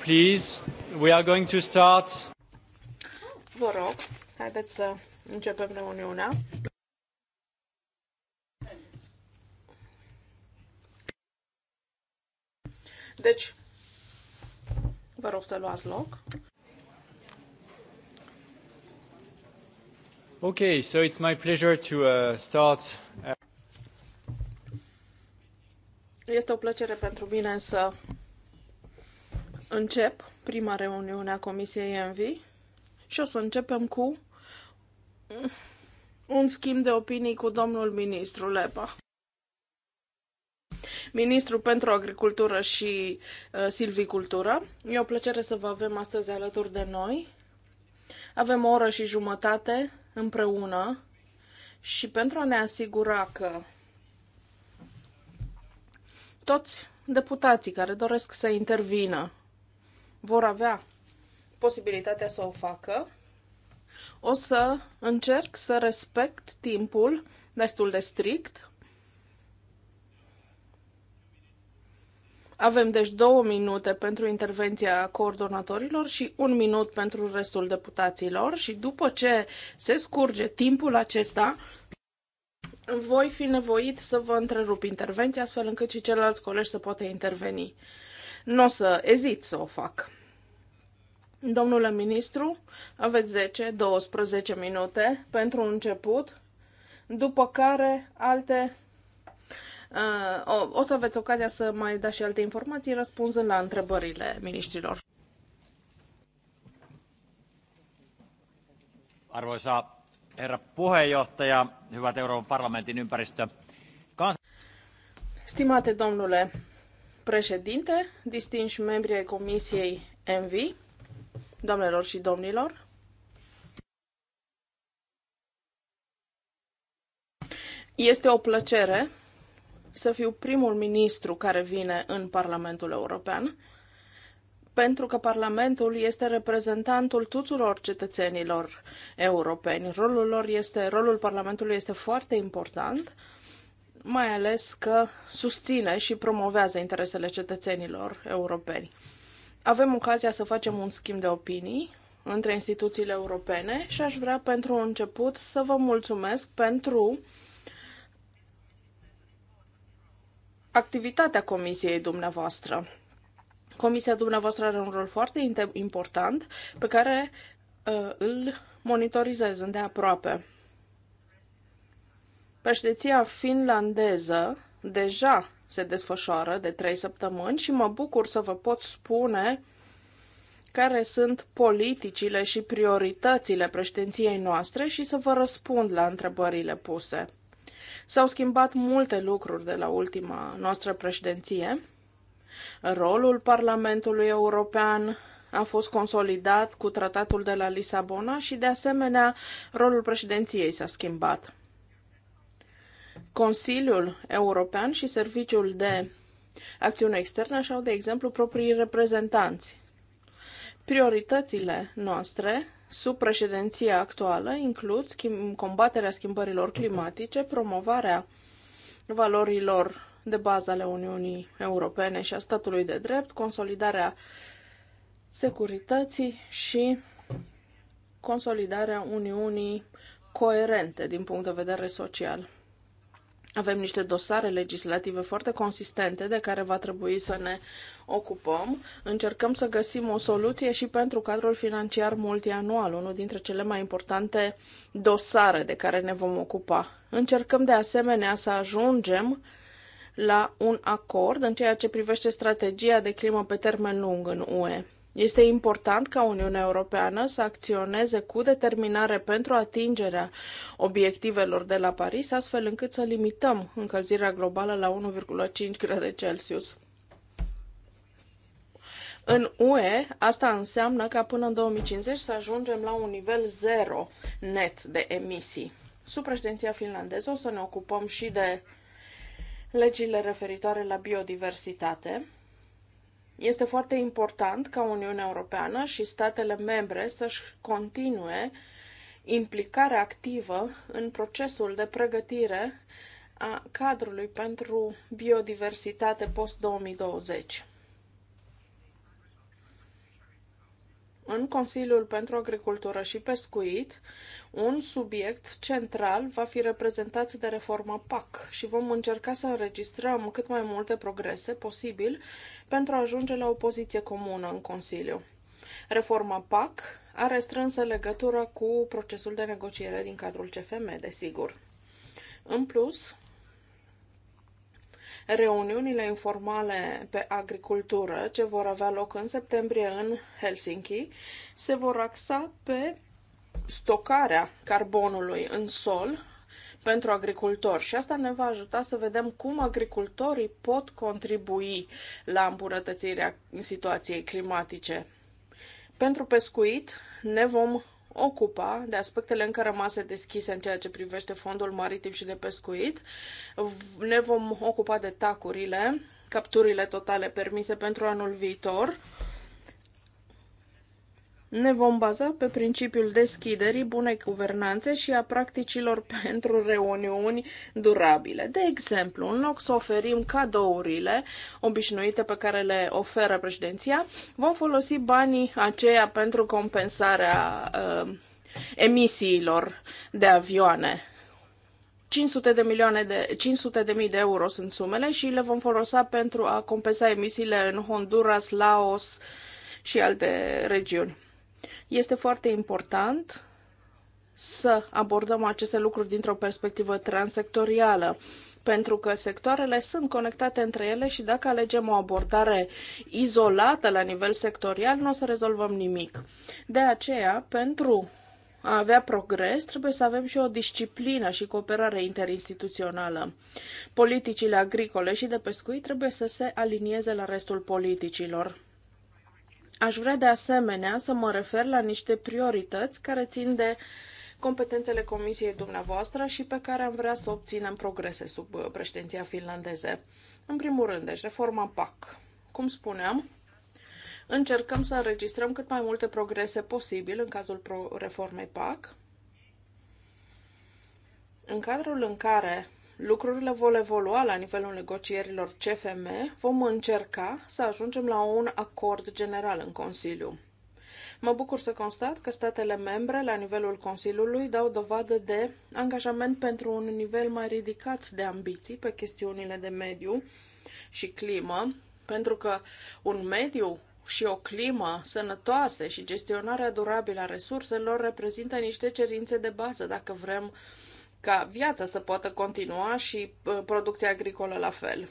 please. We are going to start. Vă rog, haideți să începem reuniunea. Deci, vă rog să luați loc. Okay, so it's my pleasure to uh, start. Uh, este o plăcere pentru mine să încep prima reuniune a Comisiei Envy și o să începem cu un schimb de opinii cu domnul ministru Lepa. Ministru pentru Agricultură și uh, Silvicultură. E o plăcere să vă avem astăzi alături de noi. Avem o oră și jumătate împreună și pentru a ne asigura că toți deputații care doresc să intervină vor avea posibilitatea să o facă. O să încerc să respect timpul destul de strict. Avem deci două minute pentru intervenția coordonatorilor și un minut pentru restul deputaților și după ce se scurge timpul acesta, voi fi nevoit să vă întrerup intervenția astfel încât și celălalt colegi să poată interveni nu o să ezit să o fac. Domnule ministru, aveți 10-12 minute pentru început, după care alte uh, o, o să aveți ocazia să mai dați și alte informații răspunzând la întrebările miniștrilor. Arvoisa herra puheenjohtaja, hyvät Euroopan parlamentin ympäristö. Kans... Stimate domnule președinte, distinși membri ai Comisiei MV, doamnelor și domnilor, este o plăcere să fiu primul ministru care vine în Parlamentul European, pentru că Parlamentul este reprezentantul tuturor cetățenilor europeni. Rolul lor este, rolul Parlamentului este foarte important mai ales că susține și promovează interesele cetățenilor europeni. Avem ocazia să facem un schimb de opinii între instituțiile europene și aș vrea pentru început să vă mulțumesc pentru activitatea comisiei dumneavoastră. Comisia dumneavoastră are un rol foarte important pe care uh, îl monitorizez îndeaproape. aproape. Președinția finlandeză deja se desfășoară de trei săptămâni și mă bucur să vă pot spune care sunt politicile și prioritățile președinției noastre și să vă răspund la întrebările puse. S-au schimbat multe lucruri de la ultima noastră președinție. Rolul Parlamentului European a fost consolidat cu tratatul de la Lisabona și, de asemenea, rolul președinției s-a schimbat. Consiliul European și Serviciul de Acțiune Externă și-au, de exemplu, proprii reprezentanți. Prioritățile noastre sub președinția actuală includ schimb, combaterea schimbărilor climatice, promovarea valorilor de bază ale Uniunii Europene și a statului de drept, consolidarea securității și consolidarea Uniunii coerente din punct de vedere social. Avem niște dosare legislative foarte consistente de care va trebui să ne ocupăm. Încercăm să găsim o soluție și pentru cadrul financiar multianual, unul dintre cele mai importante dosare de care ne vom ocupa. Încercăm de asemenea să ajungem la un acord în ceea ce privește strategia de climă pe termen lung în UE. Este important ca Uniunea Europeană să acționeze cu determinare pentru atingerea obiectivelor de la Paris, astfel încât să limităm încălzirea globală la 1,5 grade Celsius. În UE, asta înseamnă ca până în 2050 să ajungem la un nivel zero net de emisii. Sub președinția finlandeză o să ne ocupăm și de legile referitoare la biodiversitate este foarte important ca Uniunea Europeană și statele membre să-și continue implicarea activă în procesul de pregătire a cadrului pentru biodiversitate post-2020. în Consiliul pentru Agricultură și Pescuit, un subiect central va fi reprezentat de reforma PAC și vom încerca să înregistrăm cât mai multe progrese posibil pentru a ajunge la o poziție comună în Consiliu. Reforma PAC are strânsă legătură cu procesul de negociere din cadrul CFM, desigur. În plus, Reuniunile informale pe agricultură, ce vor avea loc în septembrie în Helsinki, se vor axa pe stocarea carbonului în sol pentru agricultori și asta ne va ajuta să vedem cum agricultorii pot contribui la îmbunătățirea situației climatice. Pentru pescuit ne vom ocupa de aspectele încă rămase deschise în ceea ce privește fondul maritim și de pescuit. Ne vom ocupa de tacurile, capturile totale permise pentru anul viitor ne vom baza pe principiul deschiderii, bunei guvernanțe și a practicilor pentru reuniuni durabile. De exemplu, în loc să oferim cadourile obișnuite pe care le oferă președinția, vom folosi banii aceia pentru compensarea uh, emisiilor de avioane 500 de milioane de 500 de mii de euro sunt sumele și le vom folosi pentru a compensa emisiile în Honduras, Laos și alte regiuni. Este foarte important să abordăm aceste lucruri dintr-o perspectivă transsectorială, pentru că sectoarele sunt conectate între ele și dacă alegem o abordare izolată la nivel sectorial, nu o să rezolvăm nimic. De aceea, pentru a avea progres, trebuie să avem și o disciplină și cooperare interinstituțională. Politicile agricole și de pescuit trebuie să se alinieze la restul politicilor. Aș vrea de asemenea să mă refer la niște priorități care țin de competențele comisiei dumneavoastră și pe care am vrea să obținem progrese sub uh, președinția finlandeză. În primul rând, deci reforma PAC. Cum spuneam, încercăm să înregistrăm cât mai multe progrese posibil în cazul reformei PAC, în cadrul în care lucrurile vor evolua la nivelul negocierilor CFM, vom încerca să ajungem la un acord general în Consiliu. Mă bucur să constat că statele membre, la nivelul Consiliului, dau dovadă de angajament pentru un nivel mai ridicat de ambiții pe chestiunile de mediu și climă, pentru că un mediu și o climă sănătoase și gestionarea durabilă a resurselor reprezintă niște cerințe de bază dacă vrem uh, ca viața să poată continua și uh, producția agricolă la fel.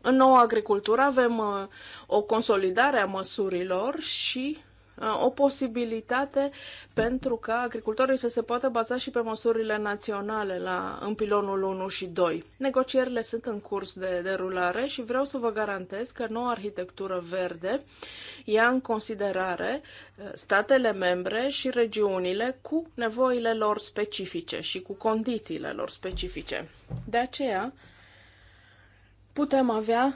În noua agricultură avem uh, o consolidare a măsurilor și Uh, o posibilitate pentru ca agricultorii să se poată baza și pe măsurile naționale la, în pilonul 1 și 2. Negocierile sunt în curs de derulare și vreau să vă garantez că noua arhitectură verde ia în considerare uh, statele membre și regiunile cu nevoile lor specifice și cu condițiile lor specifice. De aceea, putem avea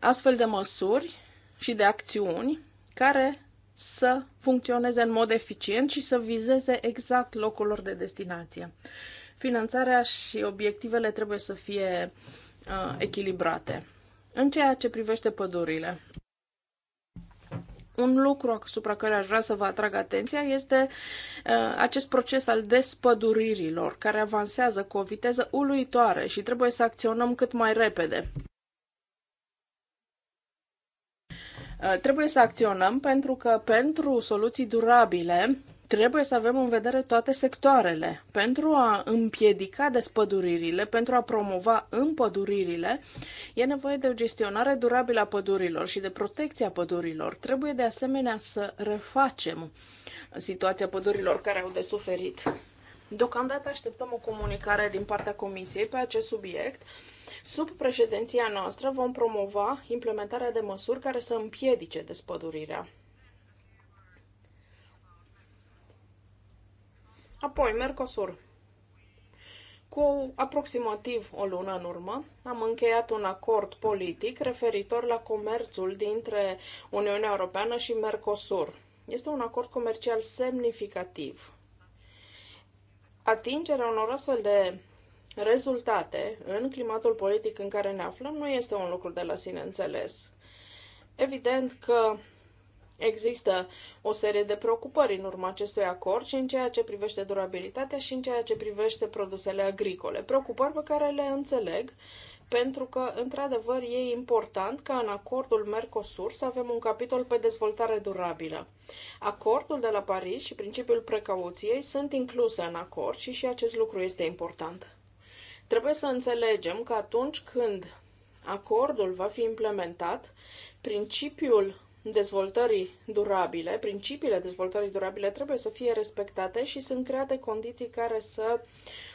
astfel de măsuri și de acțiuni care să funcționeze în mod eficient și să vizeze exact locul lor de destinație. Finanțarea și obiectivele trebuie să fie uh, echilibrate. În ceea ce privește pădurile, un lucru asupra care aș vrea să vă atrag atenția este uh, acest proces al despăduririlor, care avansează cu o viteză uluitoare și trebuie să acționăm cât mai repede. Uh, trebuie să acționăm pentru că pentru soluții durabile trebuie să avem în vedere toate sectoarele pentru a împiedica despăduririle, pentru a promova împăduririle. E nevoie de o gestionare durabilă a pădurilor și de protecția pădurilor. Trebuie de asemenea să refacem situația pădurilor care au de suferit. Deocamdată așteptăm o comunicare din partea Comisiei pe acest subiect Sub președinția noastră vom promova implementarea de măsuri care să împiedice despădurirea. Apoi, Mercosur. Cu aproximativ o lună în urmă, am încheiat un acord politic referitor la comerțul dintre Uniunea Europeană și Mercosur. Este un acord comercial semnificativ. Atingerea unor astfel de rezultate în climatul politic în care ne aflăm nu este un lucru de la sine înțeles. Evident că Există o serie de preocupări în urma acestui acord și în ceea ce privește durabilitatea și în ceea ce privește produsele agricole. Preocupări pe care le înțeleg pentru că, într-adevăr, e important ca în acordul Mercosur să avem un capitol pe dezvoltare durabilă. Acordul de la Paris și principiul precauției sunt incluse în acord și și acest lucru este important. Trebuie să înțelegem că atunci când acordul va fi implementat, principiul dezvoltării durabile, principiile dezvoltării durabile trebuie să fie respectate și sunt create condiții care să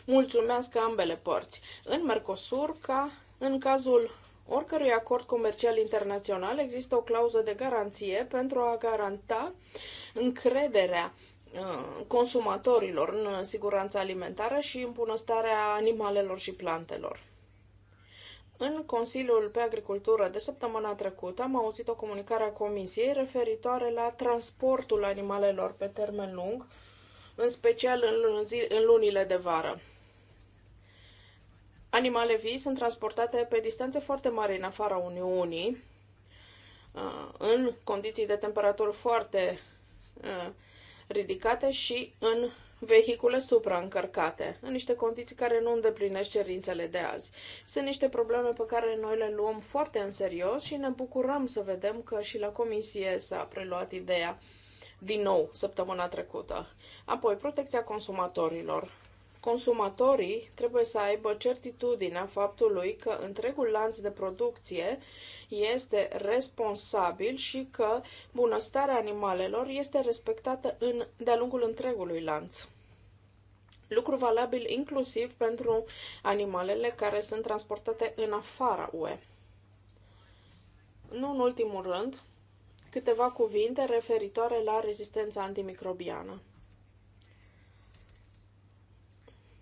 mulțumească ambele părți. În Mercosur, ca în cazul oricărui acord comercial internațional, există o clauză de garanție pentru a garanta încrederea Uh, consumatorilor în siguranța alimentară și în bunăstarea animalelor și plantelor. În Consiliul pe Agricultură de săptămâna trecută am auzit o comunicare a Comisiei referitoare la transportul animalelor pe termen lung, în special în, zi, în lunile de vară. Animale vii sunt transportate pe distanțe foarte mari în afara Uniunii, uh, în condiții de temperatură foarte uh, ridicate și în vehicule supraîncărcate, în niște condiții care nu îndeplinesc cerințele de azi. Sunt niște probleme pe care noi le luăm foarte în serios și ne bucurăm să vedem că și la comisie s-a preluat ideea din nou săptămâna trecută. Apoi, protecția consumatorilor. Consumatorii trebuie să aibă certitudinea faptului că întregul lanț de producție este responsabil și că bunăstarea animalelor este respectată în, de-a lungul întregului lanț. Lucru valabil inclusiv pentru animalele care sunt transportate în afara UE. Nu în ultimul rând, câteva cuvinte referitoare la rezistența antimicrobiană.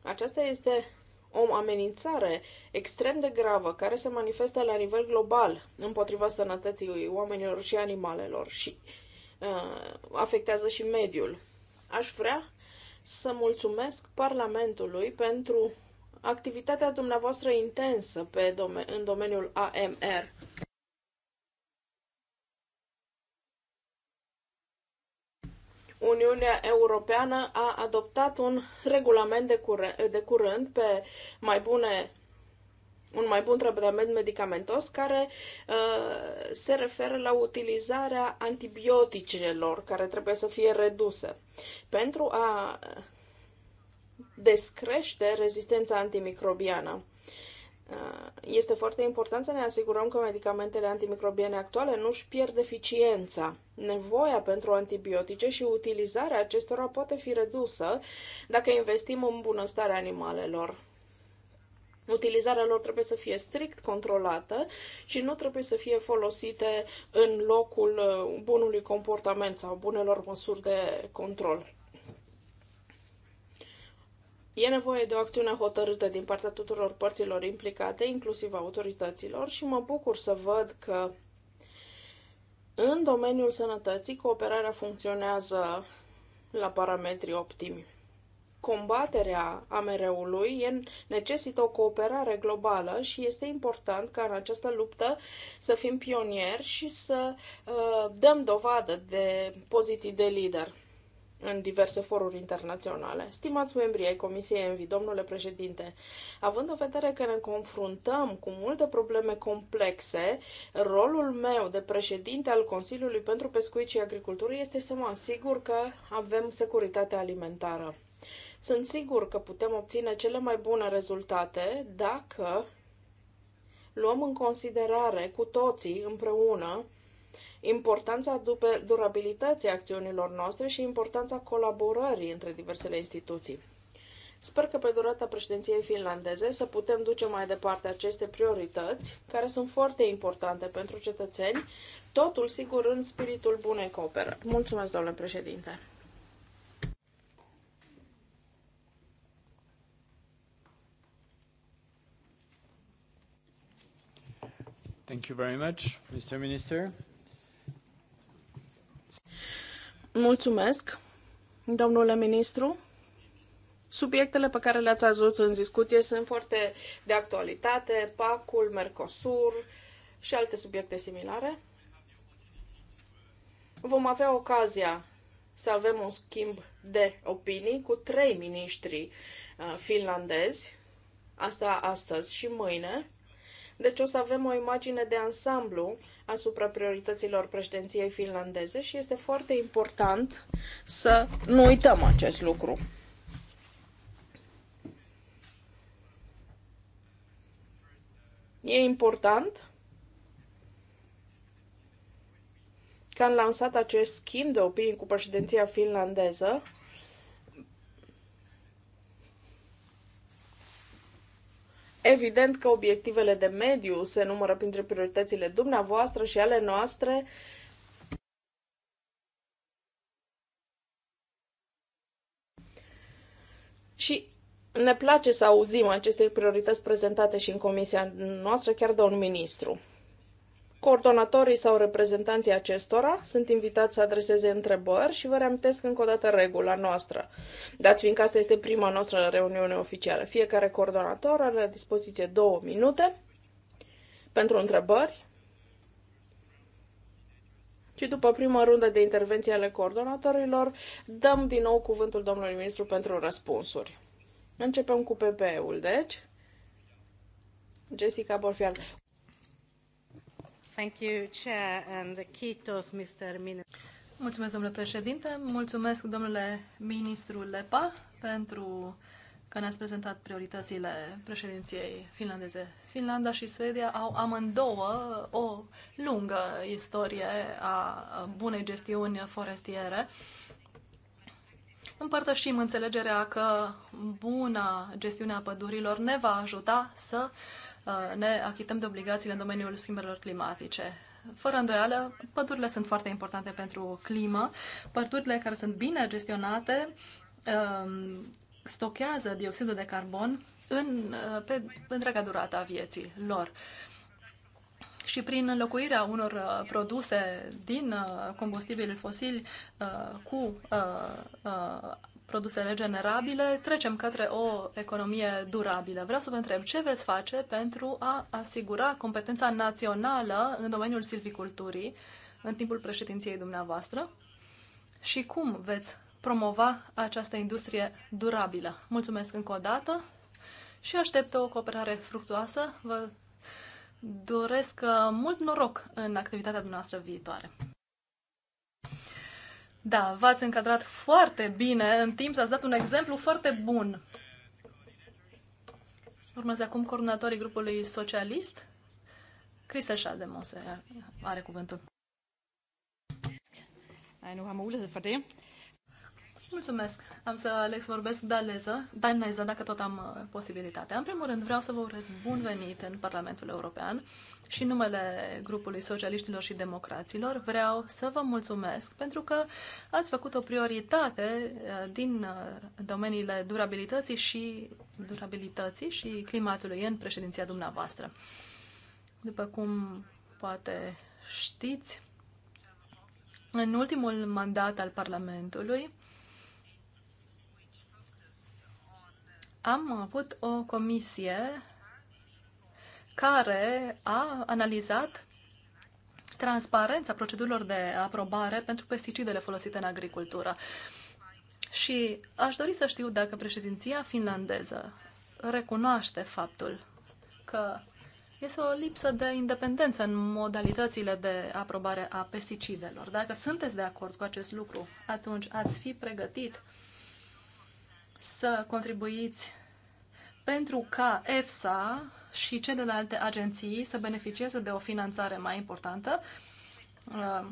Aceasta este o amenințare extrem de gravă care se manifestă la nivel global împotriva sănătății oamenilor și animalelor și uh, afectează și mediul. Aș vrea să mulțumesc Parlamentului pentru activitatea dumneavoastră intensă pe dom- în domeniul AMR. Uniunea Europeană a adoptat un regulament de, cură, de curând pe mai bune un mai bun tratament medicamentos care uh, se referă la utilizarea antibioticelor care trebuie să fie reduse pentru a descrește rezistența antimicrobiană. Eh, este foarte important să ne asigurăm că medicamentele antimicrobiene actuale nu își pierd eficiența. Nevoia pentru antibiotice și utilizarea acestora poate fi redusă dacă investim în bunăstarea animalelor. Utilizarea lor trebuie să fie strict controlată și nu trebuie să fie folosite în locul eh, bunului comportament sau bunelor măsuri de control. E nevoie de o acțiune hotărâtă din partea tuturor părților implicate, inclusiv autorităților, și mă bucur să văd că în domeniul sănătății cooperarea funcționează la parametri optimi. Combaterea AMR-ului necesită o cooperare globală și este important ca în această luptă să fim pionieri și să uh, dăm dovadă de poziții de lider în diverse foruri internaționale. Stimați membrii ai Comisiei Envi, domnule președinte, având în vedere că ne confruntăm cu multe probleme complexe, rolul meu de președinte al Consiliului pentru Pescuit și Agricultură este să mă asigur că avem securitate alimentară. Sunt sigur că putem obține cele mai bune rezultate dacă luăm în considerare cu toții împreună importanța durabilității acțiunilor noastre și importanța colaborării între diversele instituții. Sper că pe durata președinției finlandeze să putem duce mai departe aceste priorități, care sunt foarte importante pentru cetățeni, totul sigur în spiritul bunei cooperă. Mulțumesc, domnule președinte! Thank you very much, Mr. Minister. Mulțumesc, domnule ministru. Subiectele pe care le-ați adus în discuție sunt foarte de actualitate, PAC-ul, Mercosur și alte subiecte similare. Vom avea ocazia să avem un schimb de opinii cu trei miniștri uh, finlandezi, asta astăzi și mâine, deci o să avem o imagine de ansamblu asupra priorităților președinției finlandeze și este foarte important să nu uităm acest lucru. E important că am lansat acest schimb de opinii cu președinția finlandeză Evident că obiectivele de mediu se numără printre prioritățile dumneavoastră și ale noastre. Și ne place să auzim aceste priorități prezentate și în comisia noastră, chiar de un ministru. Coordonatorii sau reprezentanții acestora sunt invitați să adreseze întrebări și vă reamintesc încă o dată regula noastră. Dați fiindcă asta este prima noastră reuniune oficială. Fiecare coordonator are la dispoziție două minute pentru întrebări și după prima rundă de intervenții ale coordonatorilor, dăm din nou cuvântul domnului ministru pentru răspunsuri. Începem cu PPE-ul, deci. Jessica Borfial. Thank you, Chair, and Kitos, Mr. Mulțumesc, domnule președinte. Mulțumesc, domnule ministru Lepa, pentru că ne-ați prezentat prioritățile președinției finlandeze. Finlanda și Suedia au amândouă o lungă istorie a bunei gestiuni forestiere. Împărtășim înțelegerea că buna gestiunea pădurilor ne va ajuta să uh, Uh, ne achităm de obligațiile în domeniul schimbărilor climatice. Fără îndoială, pădurile sunt foarte importante pentru climă. Pădurile care sunt bine gestionate um, stochează dioxidul de carbon în, uh, pe întreaga durată a vieții lor. Și prin înlocuirea unor uh, produse din combustibili fosili cu produse regenerabile, trecem către o economie durabilă. Vreau să vă întreb ce veți face pentru a asigura competența națională în domeniul silviculturii în timpul președinției dumneavoastră și cum veți promova această industrie durabilă. Mulțumesc încă o dată și aștept o cooperare fructuoasă. Vă doresc uh, mult noroc în activitatea dumneavoastră viitoare. Da, v-ați încadrat foarte bine în timp, ați dat un exemplu foarte bun. Urmează acum coordonatorii grupului socialist. Christel Schaldemose are cuvântul. nu am mulighed for det. Mulțumesc. Am să, Alex, vorbesc daneză, daneză, dacă tot am uh, posibilitatea. În primul rând, vreau să vă urez bun venit în Parlamentul European și în numele grupului socialiștilor și democraților vreau să vă mulțumesc pentru că ați făcut o prioritate uh, din uh, domeniile durabilității și, durabilității și climatului în președinția dumneavoastră. După cum poate știți, în ultimul mandat al Parlamentului, am avut o comisie care a analizat transparența procedurilor de aprobare pentru pesticidele folosite în agricultură. Și aș dori să știu dacă președinția finlandeză recunoaște faptul că este o lipsă de independență în modalitățile de aprobare a pesticidelor. Dacă sunteți de acord cu acest lucru, atunci ați fi pregătit uh, să contribuiți pentru ca EFSA și celelalte agenții să beneficieze de o finanțare mai importantă uh,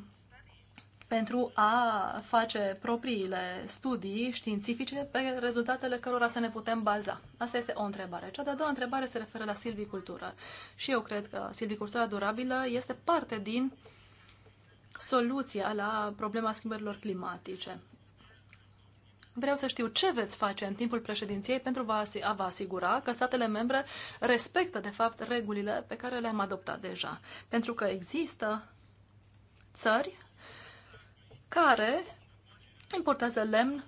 pentru a face propriile studii științifice pe rezultatele cărora să ne putem baza? Asta este o întrebare. Cea de-a doua întrebare se referă la silvicultură. Și eu cred că silvicultura durabilă este parte din soluția la problema schimbărilor climatice. Vreau să știu ce veți face în timpul președinției pentru a vă asigura că statele membre respectă, de fapt, regulile pe care le-am adoptat deja. Pentru că există țări care importează lemn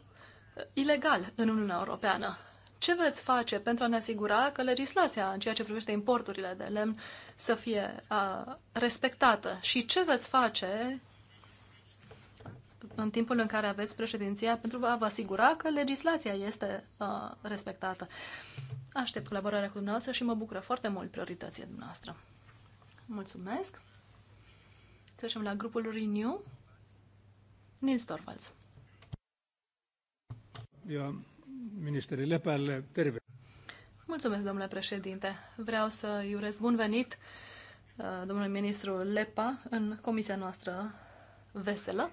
uh, ilegal în Uniunea Europeană. Ce veți face pentru a ne asigura că legislația în ceea ce privește importurile de lemn să fie a, uh, respectată? Și ce veți face în timpul în care aveți președinția pentru a vă asigura că legislația este uh, respectată. Aștept colaborarea cu dumneavoastră și mă bucură foarte mult prioritățile dumneavoastră. Mulțumesc. Trecem la grupul Renew. Nils Torvalds. ministeri Lepälle, terve. Mulțumesc, domnule președinte. Vreau să-i urez bun venit uh, domnului ministru Lepa în comisia noastră veselă.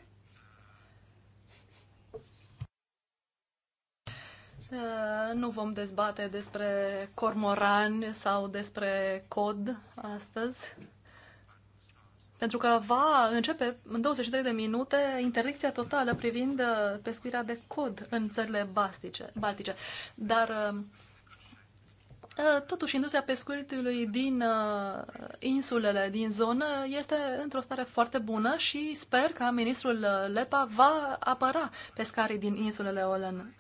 Uh, nu vom dezbate despre cormorani sau despre cod astăzi, pentru că va începe în 23 de minute interdicția totală privind uh, pescuirea de cod în țările bastice, baltice. Dar uh, totuși industria pescuitului din insulele, din zonă, este într-o stare foarte bună și sper că ministrul Lepa va apăra pescarii din insulele Olen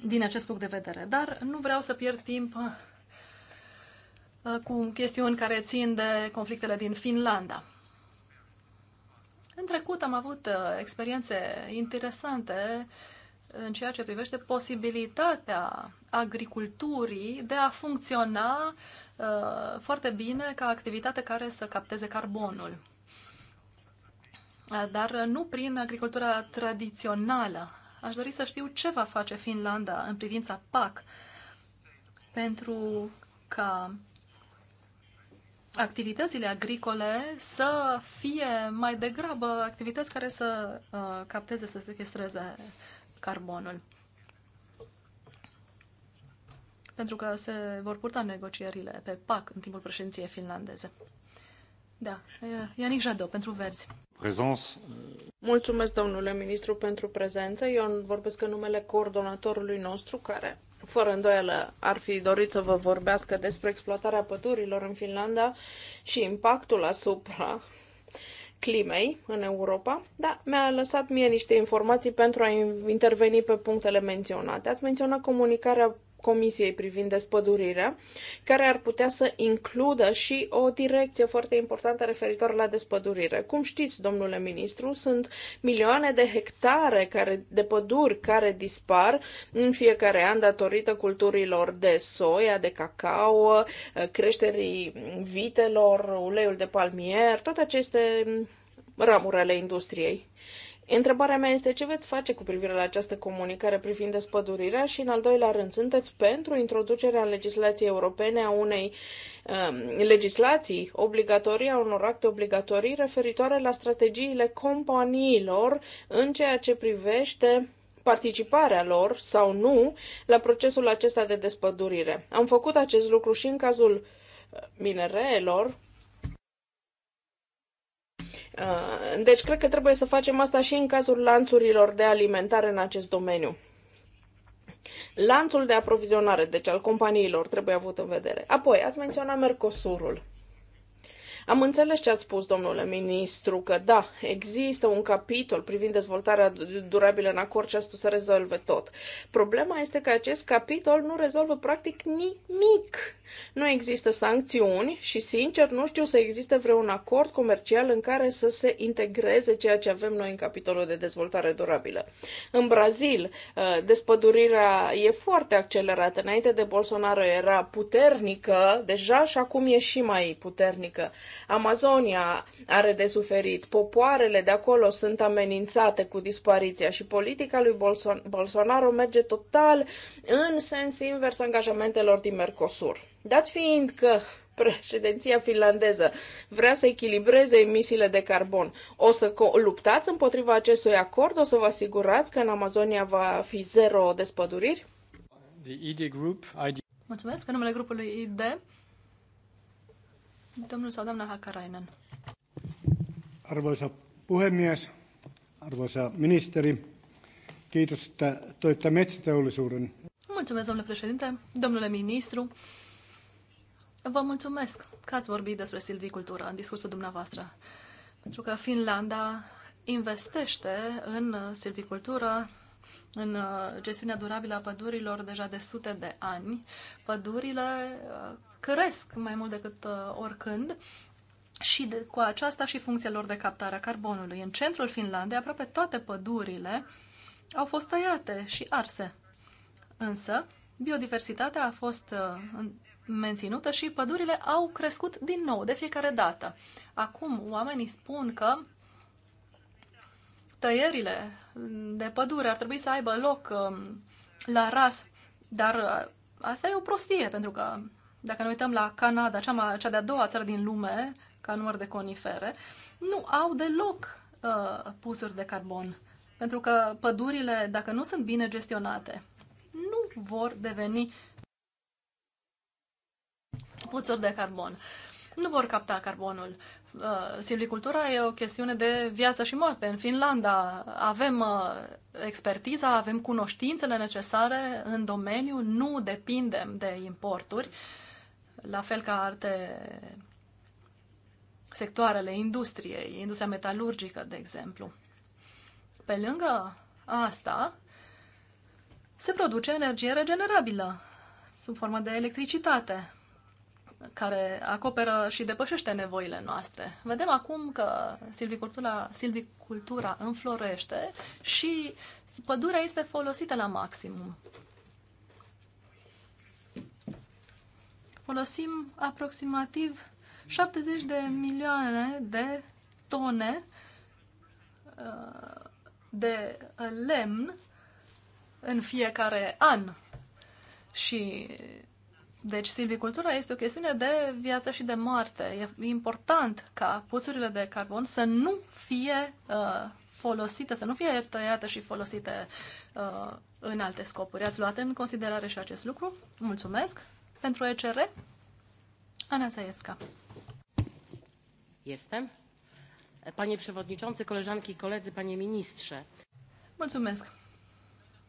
din acest punct de vedere. Dar nu vreau să pierd timp uh, cu chestiuni care țin de conflictele din Finlanda. În trecut am avut uh, experiențe interesante în ceea ce privește posibilitatea agriculturii de a funcționa uh, foarte bine ca activitate care să capteze carbonul. Dar nu prin agricultura tradițională aș dori să știu ce va face Finlanda în privința PAC pentru ca activitățile agricole să fie mai degrabă activități care să uh, capteze, să sequestreze carbonul. Pentru că se vor purta negocierile pe PAC în timpul președinției finlandeze. Da, Ianic uh, Jadot, pentru verzi. Mulțumesc, domnule ministru, pentru prezență. Eu vorbesc în numele coordonatorului nostru, care, fără îndoială, ar fi dorit să vă vorbească despre exploatarea pădurilor în Finlanda și impactul asupra climei în Europa, dar mi-a lăsat mie niște informații pentru a interveni pe punctele menționate. Ați menționat comunicarea Comisiei privind despădurirea, care ar putea să includă și o direcție foarte importantă referitor la despădurire. Cum știți, domnule ministru, sunt milioane de hectare care, de păduri care dispar în fiecare an datorită culturilor de soia, de cacao, creșterii vitelor, uleiul de palmier, toate aceste ramuri ale industriei. Întrebarea mea este ce veți face cu privire la această comunicare privind despădurirea și, în al doilea rând, sunteți pentru introducerea în legislației europene a unei um, legislații obligatorii, a unor acte obligatorii referitoare la strategiile companiilor în ceea ce privește participarea lor sau nu la procesul acesta de despădurire. Am făcut acest lucru și în cazul uh, minereelor, Ah, deci cred că trebuie să facem asta și în cazul lanțurilor de alimentare în acest domeniu. Lanțul de aprovizionare, deci al companiilor, trebuie avut în vedere. Apoi, ați menționat Mercosurul. Am înțeles ce a spus, domnule ministru, că da, există un capitol privind dezvoltarea durabilă în acord și asta se rezolve tot. Problema este că acest capitol nu rezolvă practic nimic. Nu există sancțiuni și, sincer, nu știu să existe vreun acord comercial în care să se integreze ceea ce avem noi în capitolul de dezvoltare durabilă. În Brazil, uh, despădurirea e foarte accelerată. Înainte de Bolsonaro era puternică deja și acum e și mai puternică. Amazonia are de suferit, popoarele de acolo sunt amenințate cu dispariția și politica lui Bolson- Bolsonaro merge total în sens invers angajamentelor din Mercosur. Dat fiind că președinția finlandeză vrea să echilibreze emisiile de carbon. O să luptați împotriva acestui acord? O să vă asigurați că în Amazonia va fi zero despăduriri? The ID Group, ID... Mulțumesc. În numele grupului ID Domnul sau doamna Hakarainen. Arvoisa puhemies, arvoisa ministeri, kiitos, että toitte metsäteollisuuden. Mulțumesc, domnule președinte, domnule ministru. Vă mulțumesc că ați vorbit despre silvicultură în discursul dumneavoastră, pentru că Finlanda investește în silvicultură, în uh, gestiunea durabilă a pădurilor deja de sute de ani. Pădurile uh, cresc mai mult decât uh, oricând și de, cu aceasta și funcția lor de captare a carbonului. În centrul Finlandei, aproape toate pădurile au fost tăiate și arse. Însă, biodiversitatea a fost uh, menținută și pădurile au crescut din nou, de fiecare dată. Acum, oamenii spun că tăierile de pădure ar trebui să aibă loc uh, la ras, dar uh, asta e o prostie, pentru că dacă ne uităm la Canada, cea, mai, cea de-a doua țară din lume, ca număr de conifere, nu au deloc uh, puțuri de carbon. Pentru că pădurile, dacă nu sunt bine gestionate, nu vor deveni puțuri de carbon. Nu vor capta carbonul. Uh, silvicultura e o chestiune de viață și moarte. În Finlanda avem uh, expertiza, avem cunoștințele necesare în domeniu, nu depindem de importuri. Uh, la fel ca arte sectoarele industriei, industria metalurgică, de exemplu. Pe lângă asta, se produce energie regenerabilă sub formă de electricitate, care acoperă și depășește nevoile noastre. Vedem acum că silvicultura, silvicultura înflorește și pădurea este folosită la maximum. folosim aproximativ 70 de milioane de tone uh, de lemn în fiecare an. Și deci silvicultura este o chestiune de viață și de moarte. E important ca puțurile de carbon să nu fie uh, folosite, să nu fie tăiate și folosite uh, în alte scopuri. Ați luat în considerare și acest lucru? Mulțumesc! pentru ECR? Ana Zajewska. Jestem. Panie Przewodniczący, koleżanki i koledzy, Panie Ministrze. Mulțumesc.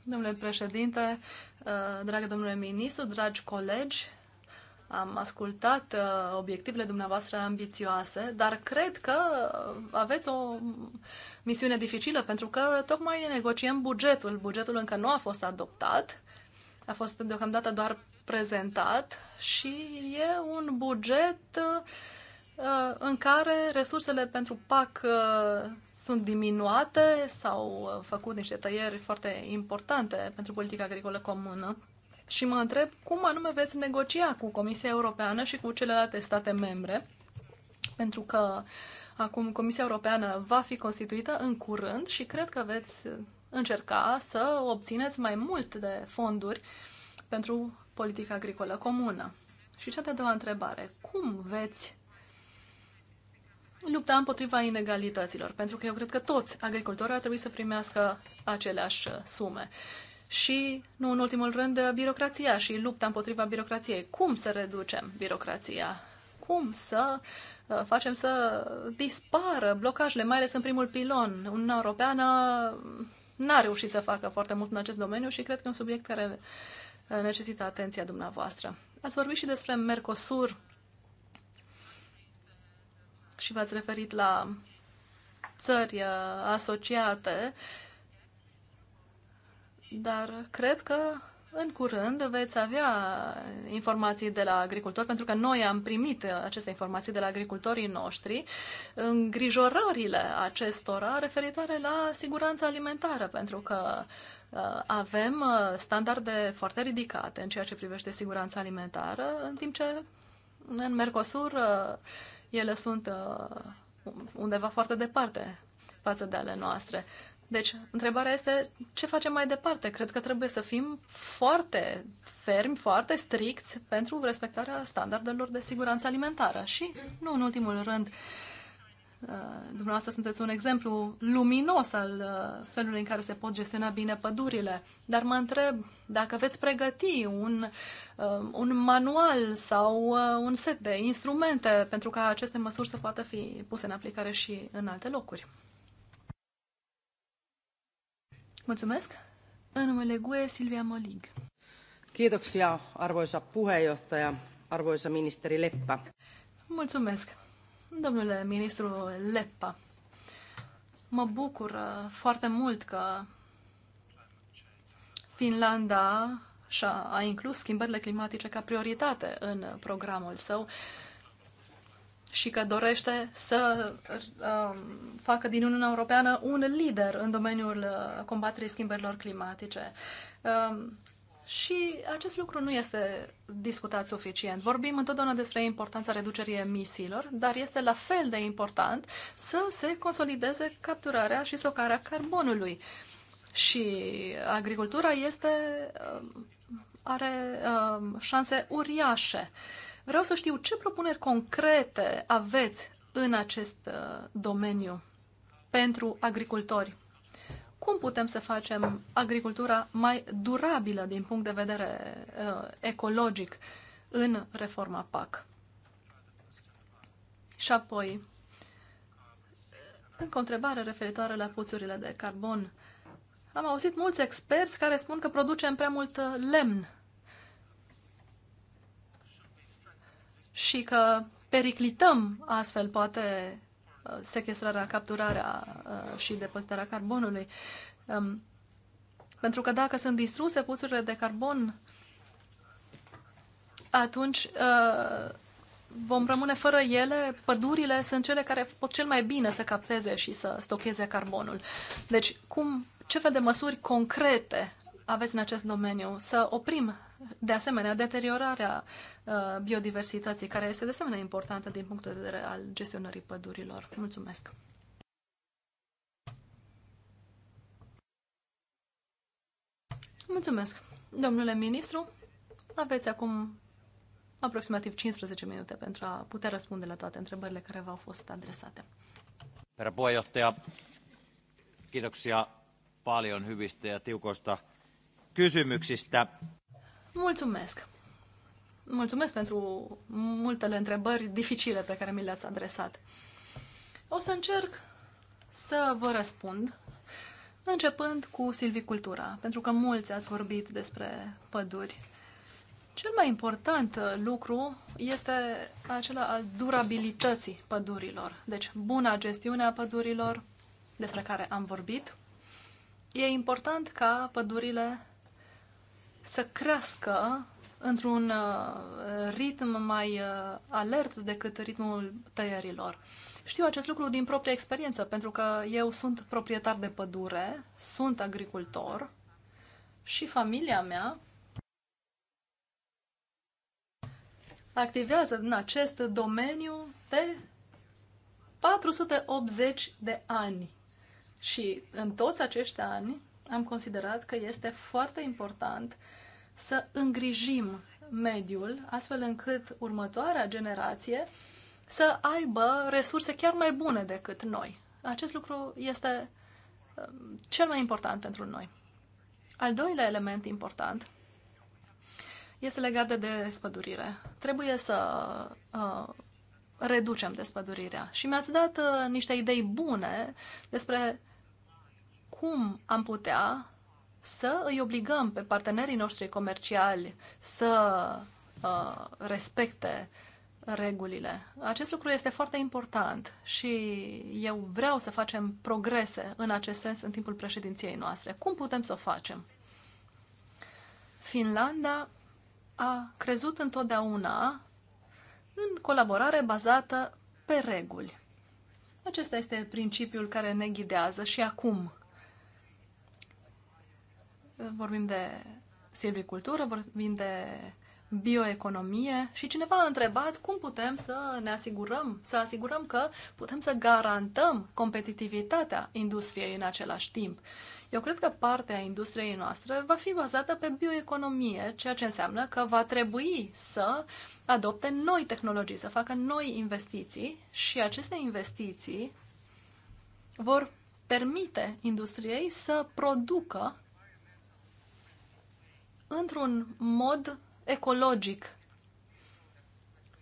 Domnule președinte, ă, dragă domnule ministru, dragi colegi, am ascultat ă, obiectivele dumneavoastră ambițioase, dar cred că aveți o misiune dificilă pentru că tocmai negociem bugetul. Bugetul încă nu a fost adoptat, a fost deocamdată doar prezentat și e un buget uh, în care resursele pentru PAC uh, sunt diminuate, s-au uh, făcut niște tăieri foarte importante pentru politica agricolă comună și mă întreb cum anume veți negocia cu Comisia Europeană și cu celelalte state membre, pentru că acum Comisia Europeană va fi constituită în curând și cred că veți încerca să obțineți mai mult de fonduri pentru Politica agricolă comună. Și cea de-a doua întrebare, cum veți lupta împotriva inegalităților? Pentru că eu cred că toți agricultorii ar trebui să primească aceleași sume. Și, nu în ultimul rând, birocrația și lupta împotriva birocrației. Cum să reducem birocrația? Cum să uh, facem să dispară blocajele, mai ales în primul pilon? Uniunea Europeană n-a reușit să facă foarte mult în acest domeniu și cred că e un subiect care necesită atenția dumneavoastră. Ați vorbit și despre Mercosur și v-ați referit la țări uh, asociate, dar cred că în curând veți avea informații de la agricultori, pentru că noi am primit aceste informații de la agricultorii noștri, îngrijorările acestora referitoare la siguranța alimentară, pentru că uh, avem uh, standarde foarte ridicate în ceea ce privește siguranța alimentară, în timp ce în Mercosur uh, ele sunt undeva foarte departe față de ale noastre. Deci, întrebarea este ce facem mai departe? Cred că trebuie să fim foarte fermi, foarte stricți pentru respectarea standardelor de siguranță alimentară. Și, nu în ultimul rând, uh, dumneavoastră sunteți un exemplu luminos al uh, felului în care se pot gestiona bine pădurile, dar mă întreb dacă veți pregăti un, uh, un manual sau un set de instrumente pentru ca aceste măsuri să poată fi puse în aplicare și în alte locuri. Mulțumesc. În numele GUE, Silvia Molig. Kiitoksia, arvoisa puheenjohtaja, arvoisa ministeri Leppä. Mulțumesc, domnule ministru Leppa. Mă bucur uh, foarte mult că Finlanda și-a inclus schimbările climatice ca prioritate în programul său și că dorește să um, facă din Uniunea Europeană un lider în domeniul uh, combaterii schimbărilor climatice. Um, și acest lucru nu este discutat suficient. Vorbim întotdeauna despre importanța reducerii emisiilor, dar este la fel de important să se consolideze capturarea și stocarea carbonului. Și agricultura este, um, are șanse uriașe Vreau să știu ce propuneri concrete aveți în acest uh, domeniu pentru agricultori. Cum putem să facem agricultura mai durabilă din punct de vedere uh, ecologic în reforma PAC? Și apoi, încă o întrebare referitoare la puțurile de carbon. Am auzit mulți experți care spun că producem prea mult uh, lemn și că periclităm astfel poate uh, sequestrarea, capturarea uh, și depozitarea carbonului. Um, pentru că dacă sunt distruse puțurile de carbon, atunci uh, vom rămâne fără ele. Pădurile sunt cele care pot cel mai bine să capteze și să stocheze carbonul. Deci, cum, ce fel de măsuri concrete aveți în acest domeniu? Să oprim de asemenea, deteriorarea uh, biodiversității, care este de asemenea importantă din punctul de vedere al gestionării pădurilor. Mulțumesc! Mulțumesc! Domnule ministru, aveți acum aproximativ 15 minute pentru a putea răspunde la toate întrebările care v-au fost adresate. Herra puheenjohtaja, kiitoksia paljon hyvistä ja tiukoista kysymyksistä. Mulțumesc! Mulțumesc pentru multele întrebări dificile pe care mi le-ați adresat. O să încerc să vă răspund, începând cu silvicultura, pentru că mulți ați vorbit despre păduri. Cel mai important uh, lucru este acela al durabilității pădurilor, deci buna gestiune a pădurilor, despre care am vorbit. E important ca pădurile să crească într-un uh, ritm mai uh, alert decât ritmul tăierilor. Știu acest lucru din propria experiență, pentru că eu sunt proprietar de pădure, sunt agricultor și familia mea activează în acest domeniu de 480 de ani. Și în toți acești ani am considerat că este foarte important să îngrijim mediul, astfel încât următoarea generație să aibă resurse chiar mai bune decât noi. Acest lucru este um, cel mai important pentru noi. Al doilea element important este legat de despădurire. Trebuie să uh, reducem despădurirea. Și mi-ați dat uh, niște idei bune despre cum am putea să îi obligăm pe partenerii noștri comerciali să uh, respecte regulile. Acest lucru este foarte important și eu vreau să facem progrese în acest sens în timpul președinției noastre. Cum putem să o facem? Finlanda a crezut întotdeauna în colaborare bazată pe reguli. Acesta este principiul care ne ghidează și acum vorbim de silvicultură, vorbim de bioeconomie și cineva a întrebat cum putem să ne asigurăm, să asigurăm că putem să garantăm competitivitatea industriei în același timp. Eu cred că partea industriei noastre va fi bazată pe bioeconomie, ceea ce înseamnă că va trebui să adopte noi tehnologii, să facă noi investiții și aceste investiții vor permite industriei să producă într-un mod ecologic.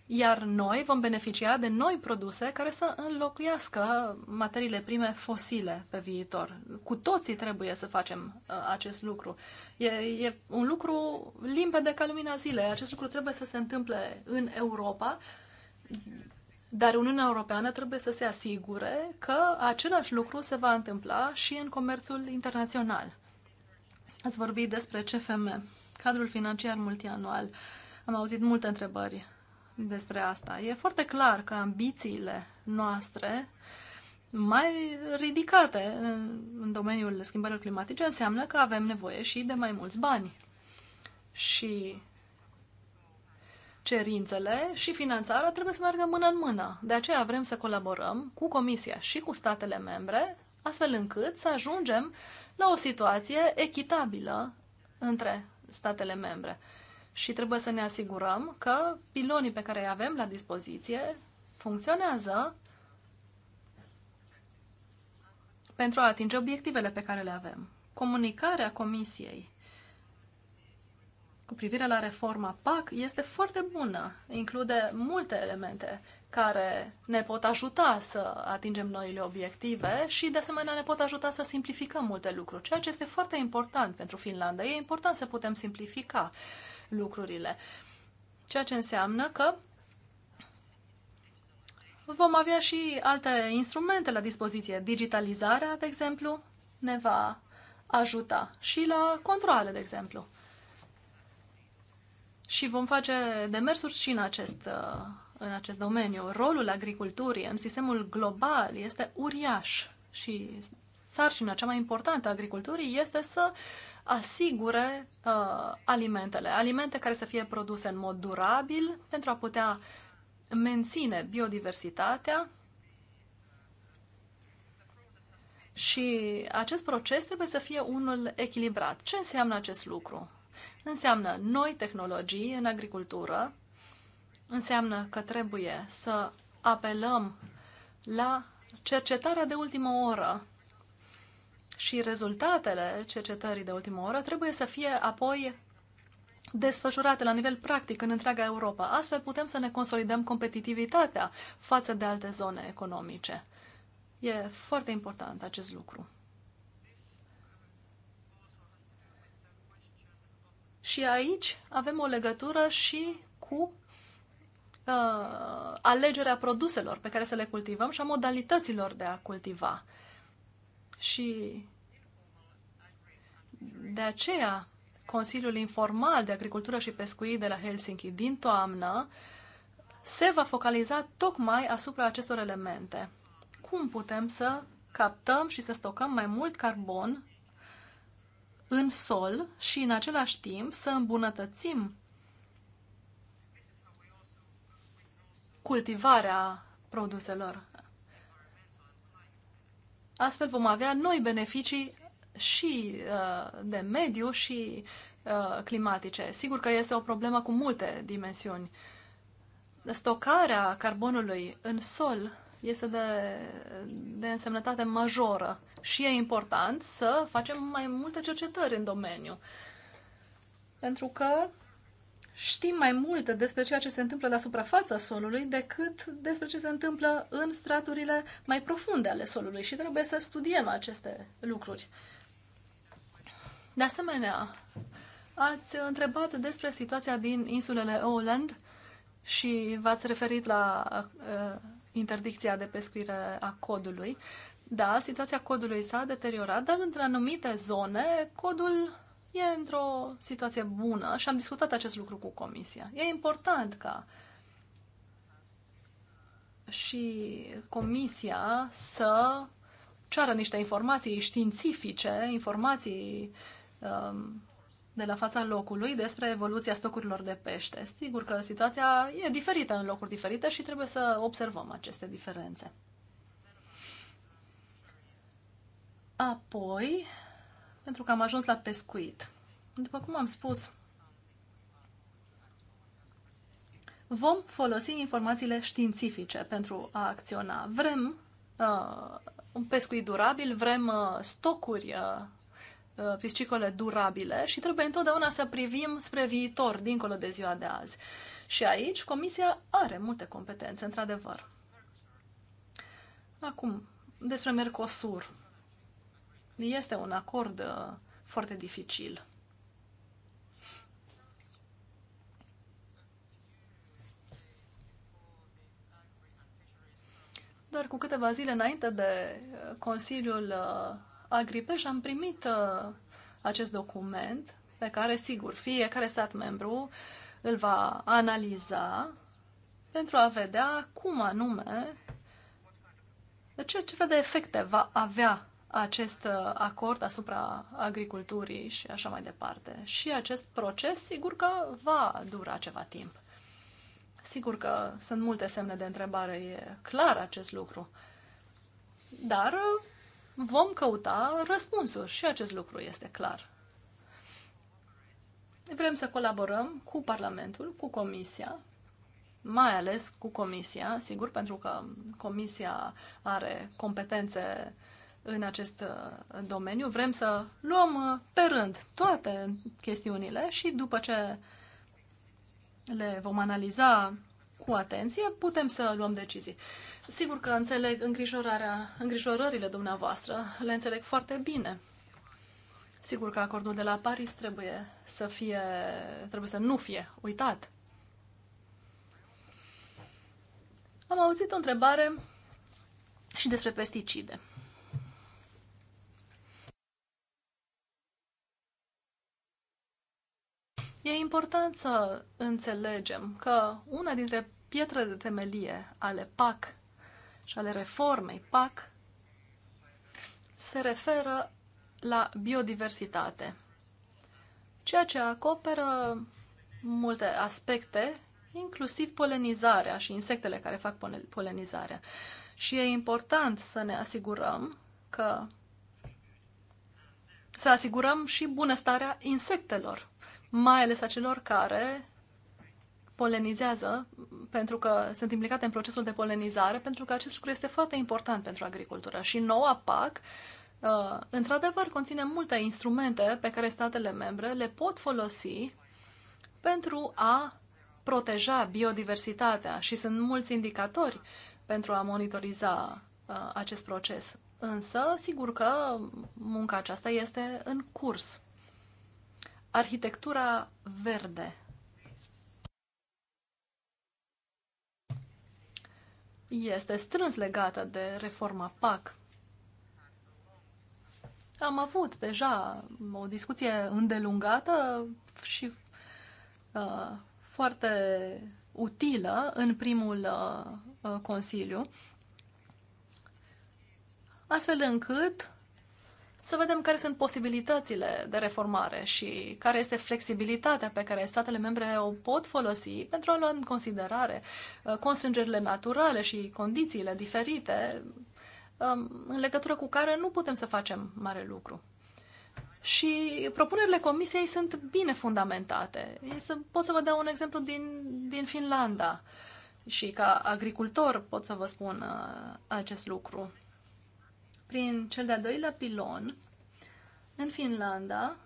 Iar noi vom beneficia de noi produse care să înlocuiască materiile prime fosile pe viitor. Cu toții trebuie să facem uh, acest lucru. E, e un lucru limpede ca lumina zilei. Acest lucru trebuie să se întâmple în Europa, dar Uniunea Europeană trebuie să se asigure că același lucru se va întâmpla și în comerțul internațional. Ați vorbit despre CFM, cadrul financiar multianual. Am auzit multe întrebări despre asta. E foarte clar că ambițiile noastre mai ridicate în, în domeniul schimbărilor climatice înseamnă că avem nevoie și de mai mulți bani. Și cerințele și finanțarea trebuie să meargă mână în mână. De aceea vrem să colaborăm cu Comisia și cu statele membre, astfel încât să ajungem la o situație echitabilă între statele membre. Și trebuie să ne asigurăm că pilonii pe care îi avem la dispoziție funcționează pentru a atinge obiectivele pe care le avem. Comunicarea Comisiei cu privire la reforma PAC este foarte bună. Include multe elemente care ne pot ajuta să atingem noile obiective și, de asemenea, ne pot ajuta să simplificăm multe lucruri, ceea ce este foarte important pentru Finlanda. E important să putem simplifica lucrurile, ceea ce înseamnă că vom avea și alte instrumente la dispoziție. Digitalizarea, de exemplu, ne va ajuta și la controle, de exemplu. Și vom face demersuri și în acest uh, în acest domeniu. Rolul agriculturii în sistemul global este uriaș și sarcina cea mai importantă a agriculturii este să asigure uh, alimentele, alimente care să fie produse în mod durabil pentru a putea menține biodiversitatea și acest proces trebuie să fie unul echilibrat. Ce înseamnă acest lucru? Înseamnă noi tehnologii în agricultură, înseamnă că trebuie să apelăm la cercetarea de ultimă oră și rezultatele cercetării de ultimă oră trebuie să fie apoi desfășurate la nivel practic în întreaga Europa. Astfel putem să ne consolidăm competitivitatea față de alte zone economice. E foarte important acest lucru. Și aici avem o legătură și cu uh, alegerea produselor pe care să le cultivăm și a modalităților de a cultiva. Și de aceea, Consiliul Informal de Agricultură și Pescuit de la Helsinki din toamnă se va focaliza tocmai asupra acestor elemente. Cum putem să captăm și să stocăm mai mult carbon în sol și în același timp să îmbunătățim cultivarea produselor. Astfel vom avea noi beneficii și uh, de mediu și uh, climatice. Sigur că este o problemă cu multe dimensiuni. Stocarea carbonului în sol este de, de însemnătate majoră și e important să facem mai multe cercetări în domeniu. Pentru că știm mai multe despre ceea ce se întâmplă la suprafața solului decât despre ce se întâmplă în straturile mai profunde ale solului și trebuie să studiem aceste lucruri. De asemenea, ați întrebat despre situația din insulele Oland și v-ați referit la uh, interdicția de pescuire a codului. Da, situația codului s-a deteriorat, dar într anumite zone codul e într-o situație bună și am discutat acest lucru cu Comisia. E important ca și Comisia să ceară niște informații științifice, informații um, de la fața locului despre evoluția stocurilor de pește. Sigur că situația e diferită în locuri diferite și trebuie să observăm aceste diferențe. Apoi, pentru că am ajuns la pescuit. După cum am spus, vom folosi informațiile științifice pentru a acționa. Vrem uh, un pescuit durabil, vrem uh, stocuri uh, uh piscicole durabile și trebuie întotdeauna să privim spre viitor, dincolo de ziua de azi. Și aici Comisia are multe competențe, într-adevăr. Acum, despre Mercosur. Este un acord uh, foarte dificil. Doar cu câteva zile înainte de uh, Consiliul uh, Agripeș am primit acest document pe care, sigur, fiecare stat membru îl va analiza pentru a vedea cum anume, de ce, ce fel de efecte va avea acest uh, acord asupra agriculturii și așa mai departe. Și acest proces, sigur că va dura ceva timp. Sigur că sunt multe semne de întrebare, e clar acest lucru. Dar uh, vom căuta răspunsuri și acest lucru este clar. Vrem să colaborăm cu Parlamentul, cu Comisia, mai ales cu Comisia, sigur, pentru că Comisia are competențe în acest uh, domeniu. Vrem să luăm uh, pe rând toate chestiunile și după ce le vom analiza cu atenție, putem să luăm decizii. Sigur că înțeleg îngrijorarea, îngrijorările dumneavoastră, le înțeleg foarte bine. Sigur că acordul de la Paris trebuie să fie, trebuie să nu fie uitat. Am auzit o întrebare și despre pesticide. E important să înțelegem că una dintre pietrele de temelie ale PAC și ale reformei PAC se referă la biodiversitate, ceea ce acoperă multe aspecte, inclusiv polenizarea și insectele care fac polenizarea. Și e important să ne asigurăm că să asigurăm și bunăstarea insectelor mai ales a celor care polenizează, pentru că sunt implicate în procesul de polenizare, pentru că acest lucru este foarte important pentru agricultură. Și noua PAC, uh, într-adevăr, conține multe instrumente pe care statele membre le pot folosi pentru a proteja biodiversitatea și sunt mulți indicatori pentru a monitoriza uh, acest proces. Însă, sigur că munca aceasta este în curs arhitectura verde. Este strâns legată de reforma PAC. Am avut deja o discuție îndelungată și uh, foarte utilă în primul uh, uh Consiliu, astfel încât să vedem care sunt posibilitățile de reformare și care este flexibilitatea pe care statele membre o pot folosi pentru a lua în considerare uh, constrângerile naturale și condițiile diferite um, în legătură cu care nu putem să facem mare lucru. Și propunerile comisiei sunt bine fundamentate. Să, pot să vă dau un exemplu din, din Finlanda. Și ca agricultor pot să vă spun uh, acest lucru prin cel de-al doilea pilon, în Finlanda,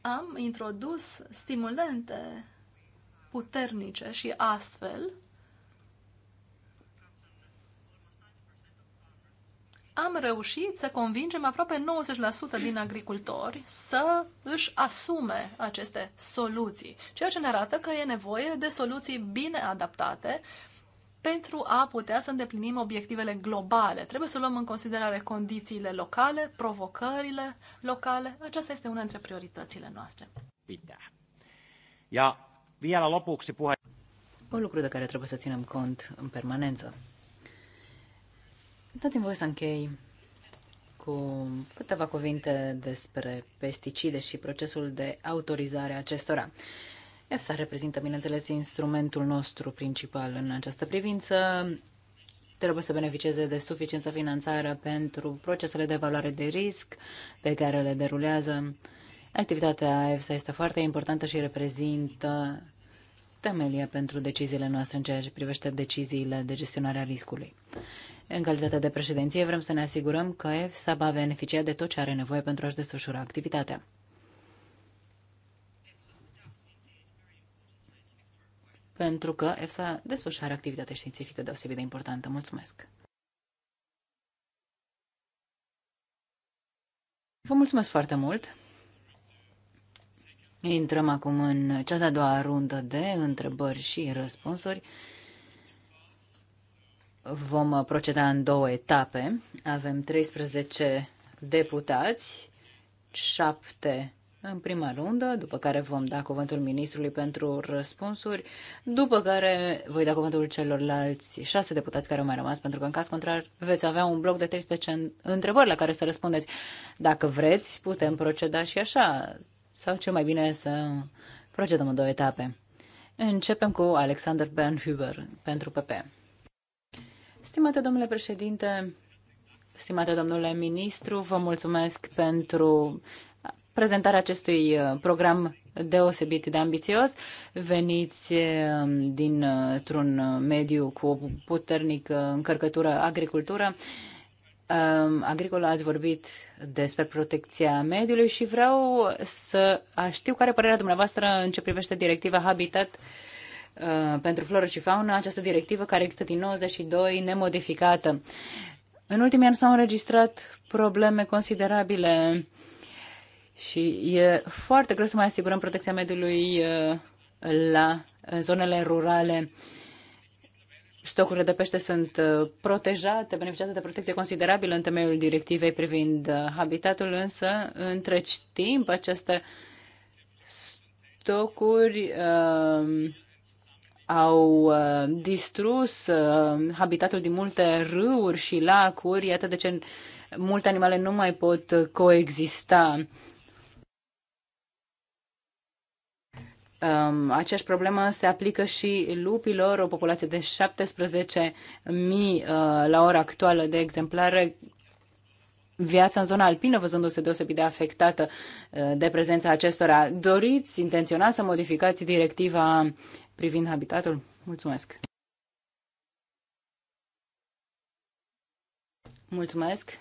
am introdus stimulente puternice și astfel am reușit să convingem aproape 90% din agricultori să își asume aceste soluții, ceea ce ne arată că e nevoie de soluții bine adaptate pentru a putea să îndeplinim obiectivele globale. Trebuie să luăm în considerare condițiile locale, provocările locale. Aceasta este una dintre prioritățile noastre. Pitää. Ja lopuc lopuksi puhai. Un lucru de care trebuie să ținem cont în permanență. Dați-mi voi să închei cu câteva cuvinte despre pesticide și procesul de autorizare a acestora. EFSA reprezintă, bineînțeles, instrumentul nostru principal în această privință. Trebuie să beneficieze de suficiență finanțară pentru procesele de evaluare de risc pe care le derulează. Activitatea EFSA este foarte importantă și reprezintă temelia pentru deciziile noastre în ceea ce privește deciziile de gestionare a riscului. În calitate de președinție vrem să ne asigurăm că EFSA va beneficia de tot ce are nevoie pentru a-și desfășura activitatea. pentru că EFSA desfășoară activitate științifică deosebit de importantă. Mulțumesc! Vă mulțumesc foarte mult! Intrăm acum în cea de-a doua rundă de întrebări și răspunsuri. Vom proceda în două etape. Avem 13 deputați, 7 în prima rundă, după care vom da cuvântul ministrului pentru răspunsuri, după care voi da cuvântul celorlalți șase deputați care au mai rămas, pentru că în caz contrar veți avea un bloc de 13 întrebări la care să răspundeți. Dacă vreți, putem proceda și așa, sau cel mai bine să procedăm în două etape. Începem cu Alexander Ben Huber pentru PP. Stimate domnule președinte, stimate domnule ministru, vă mulțumesc pentru prezentarea acestui uh, program deosebit de ambițios. Veniți uh, dintr-un uh, mediu cu o puternică încărcătură agricultură. Um, Agricola ați vorbit despre protecția mediului și vreau să știu care e părerea dumneavoastră în ce privește directiva Habitat pentru floră și faună, această directivă care există din 92, nemodificată. În ultimii ani s-au înregistrat probleme considerabile și e foarte greu să mai asigurăm protecția mediului uh, la zonele rurale. Stocurile de pește sunt uh, protejate, beneficiază de protecție considerabilă în temeiul directivei privind uh, habitatul, însă între timp aceste stocuri uh, au uh, distrus uh, habitatul din multe râuri și lacuri, iată de ce multe animale nu mai pot coexista. Um, aceeași problemă se aplică și lupilor, o populație de 17.000 uh, la ora actuală de exemplare. Viața în zona alpină, văzându-se deosebit de afectată uh, de prezența acestora, doriți, intenționați să modificați directiva privind habitatul? Mulțumesc! Mulțumesc!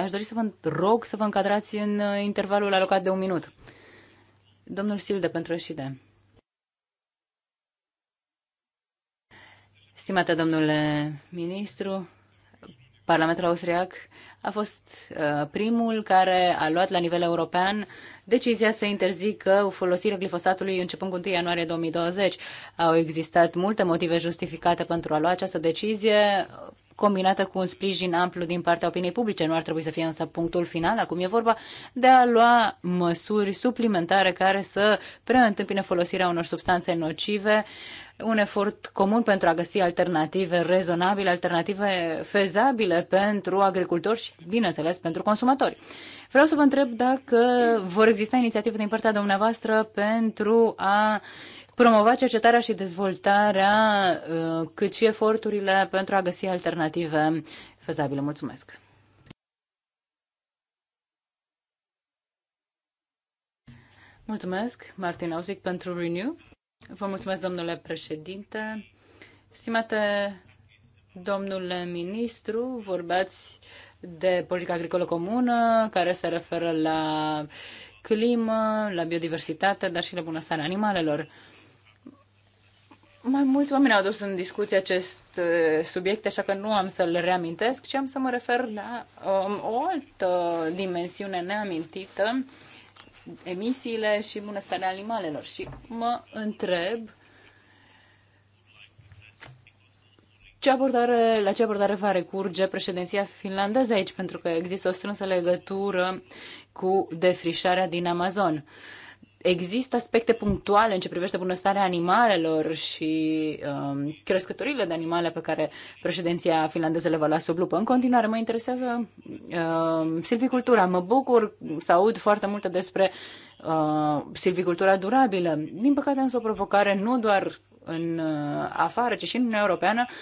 Aș dori să vă rog să vă încadrați în uh, intervalul alocat de un minut. Domnul Silde pentru Eșide. Stimate domnule ministru, Parlamentul austriac a fost uh, primul care a luat la nivel european decizia să interzică folosirea glifosatului începând cu 1 ianuarie 2020. Au existat multe motive justificate pentru a lua această decizie, combinată cu un sprijin amplu din partea opiniei publice. Nu ar trebui să fie însă punctul final. Acum e vorba de a lua măsuri suplimentare care să preîntâmpine folosirea unor substanțe nocive un efort comun pentru a găsi alternative rezonabile, alternative fezabile pentru agricultori și, bineînțeles, pentru consumatori. Vreau să vă întreb dacă vor exista inițiative din partea dumneavoastră pentru a promova cercetarea și dezvoltarea, uh, cât și eforturile pentru a găsi alternative fezabile. Mulțumesc! Mulțumesc, Martin Auzic, pentru Renew. Vă mulțumesc, domnule președinte. Stimate domnule ministru, vorbeați de politica agricolă comună, care se referă la climă, la biodiversitate, dar și la bunăstarea animalelor. Mai mulți oameni au adus în discuție acest uh, subiect, așa că nu am să-l reamintesc, ci am să mă refer la um, o altă dimensiune neamintită, emisiile și bunăstarea animalelor. Și mă întreb ce abordare, la ce abordare va recurge președinția finlandeză aici, pentru că există o strânsă legătură cu defrișarea din Amazon. Uh, Există aspecte punctuale în ce privește bunăstarea animalelor și um, crescătorile de animale pe care președinția finlandeză le va lua sub lupă. În continuare, mă interesează um, silvicultura. Mă bucur să aud foarte multe despre uh, silvicultura durabilă. Din păcate, însă, o provocare nu doar în uh, afară, ci și în Uniunea Europeană. Uh,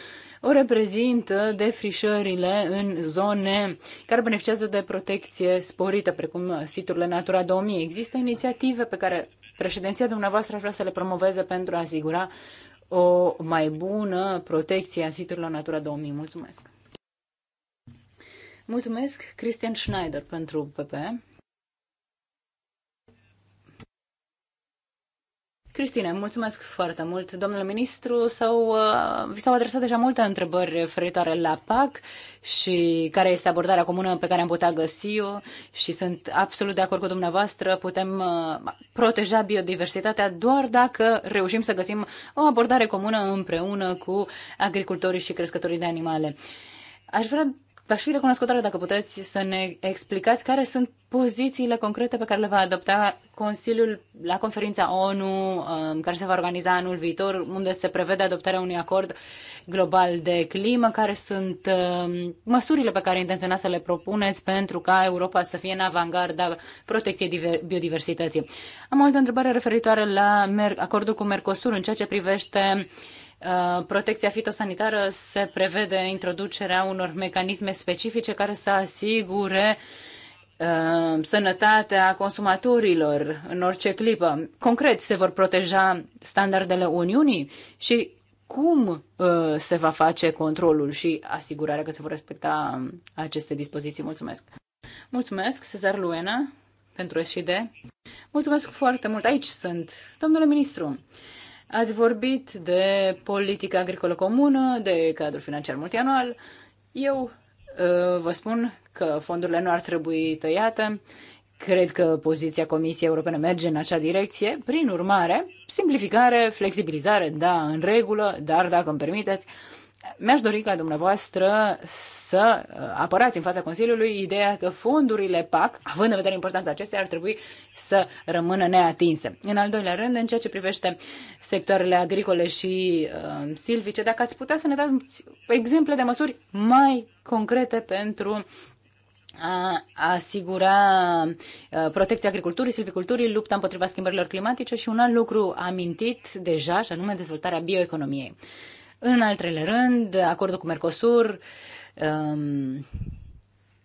o reprezintă defrișările în zone care beneficiază de protecție sporită, precum siturile Natura 2000. Există inițiative pe care președinția dumneavoastră vrea să le promoveze pentru a asigura o mai bună protecție a siturilor Natura 2000. Mulțumesc! Mulțumesc, Christian Schneider, pentru PP. Cristine, mulțumesc foarte mult. Domnule ministru, sau, uh, vi s-au adresat deja multe întrebări referitoare la PAC și care este abordarea comună pe care am putea găsi-o și sunt absolut de acord cu dumneavoastră. Putem uh, proteja biodiversitatea doar dacă reușim să găsim o abordare comună împreună cu agricultorii și crescătorii de animale. Aș vrea V-aș fi recunoscătoare dacă puteți să ne explicați care sunt pozițiile concrete pe care le va adopta Consiliul la conferința ONU, um, care se va organiza anul viitor, unde se prevede adoptarea unui acord global de climă, care sunt um, măsurile pe care intenționați să le propuneți pentru ca Europa să fie în avangarda protecției biodiversității. Am o altă întrebare referitoare la acordul cu Mercosur în ceea ce privește Uh, protecția fitosanitară se prevede introducerea unor mecanisme specifice care să asigure uh, sănătatea consumatorilor în orice clipă. Concret, se vor proteja standardele Uniunii și cum uh, se va face controlul și asigurarea că se vor respecta um, aceste dispoziții. Mulțumesc! Mulțumesc, Cezar Luena, pentru SID. Mulțumesc foarte mult. Aici sunt, domnule ministru. Ați vorbit de politica agricolă comună, de cadrul financiar multianual. Eu uh, vă spun că fondurile nu ar trebui tăiate. Cred că poziția Comisiei Europene merge în acea direcție. Prin urmare, simplificare, flexibilizare, da, în regulă, dar dacă îmi permiteți, mi-aș dori ca dumneavoastră să uh, apărați în fața Consiliului ideea că fondurile PAC, având în vedere importanța acestea, ar trebui să rămână neatinse. În al doilea rând, în ceea ce privește sectoarele agricole și uh, silvice, dacă ați putea să ne dați exemple de măsuri mai concrete pentru a asigura uh, protecția agriculturii, silviculturii, lupta împotriva schimbărilor climatice și un alt lucru amintit deja, și anume dezvoltarea bioeconomiei. În al treilea rând, acordul cu Mercosur, um,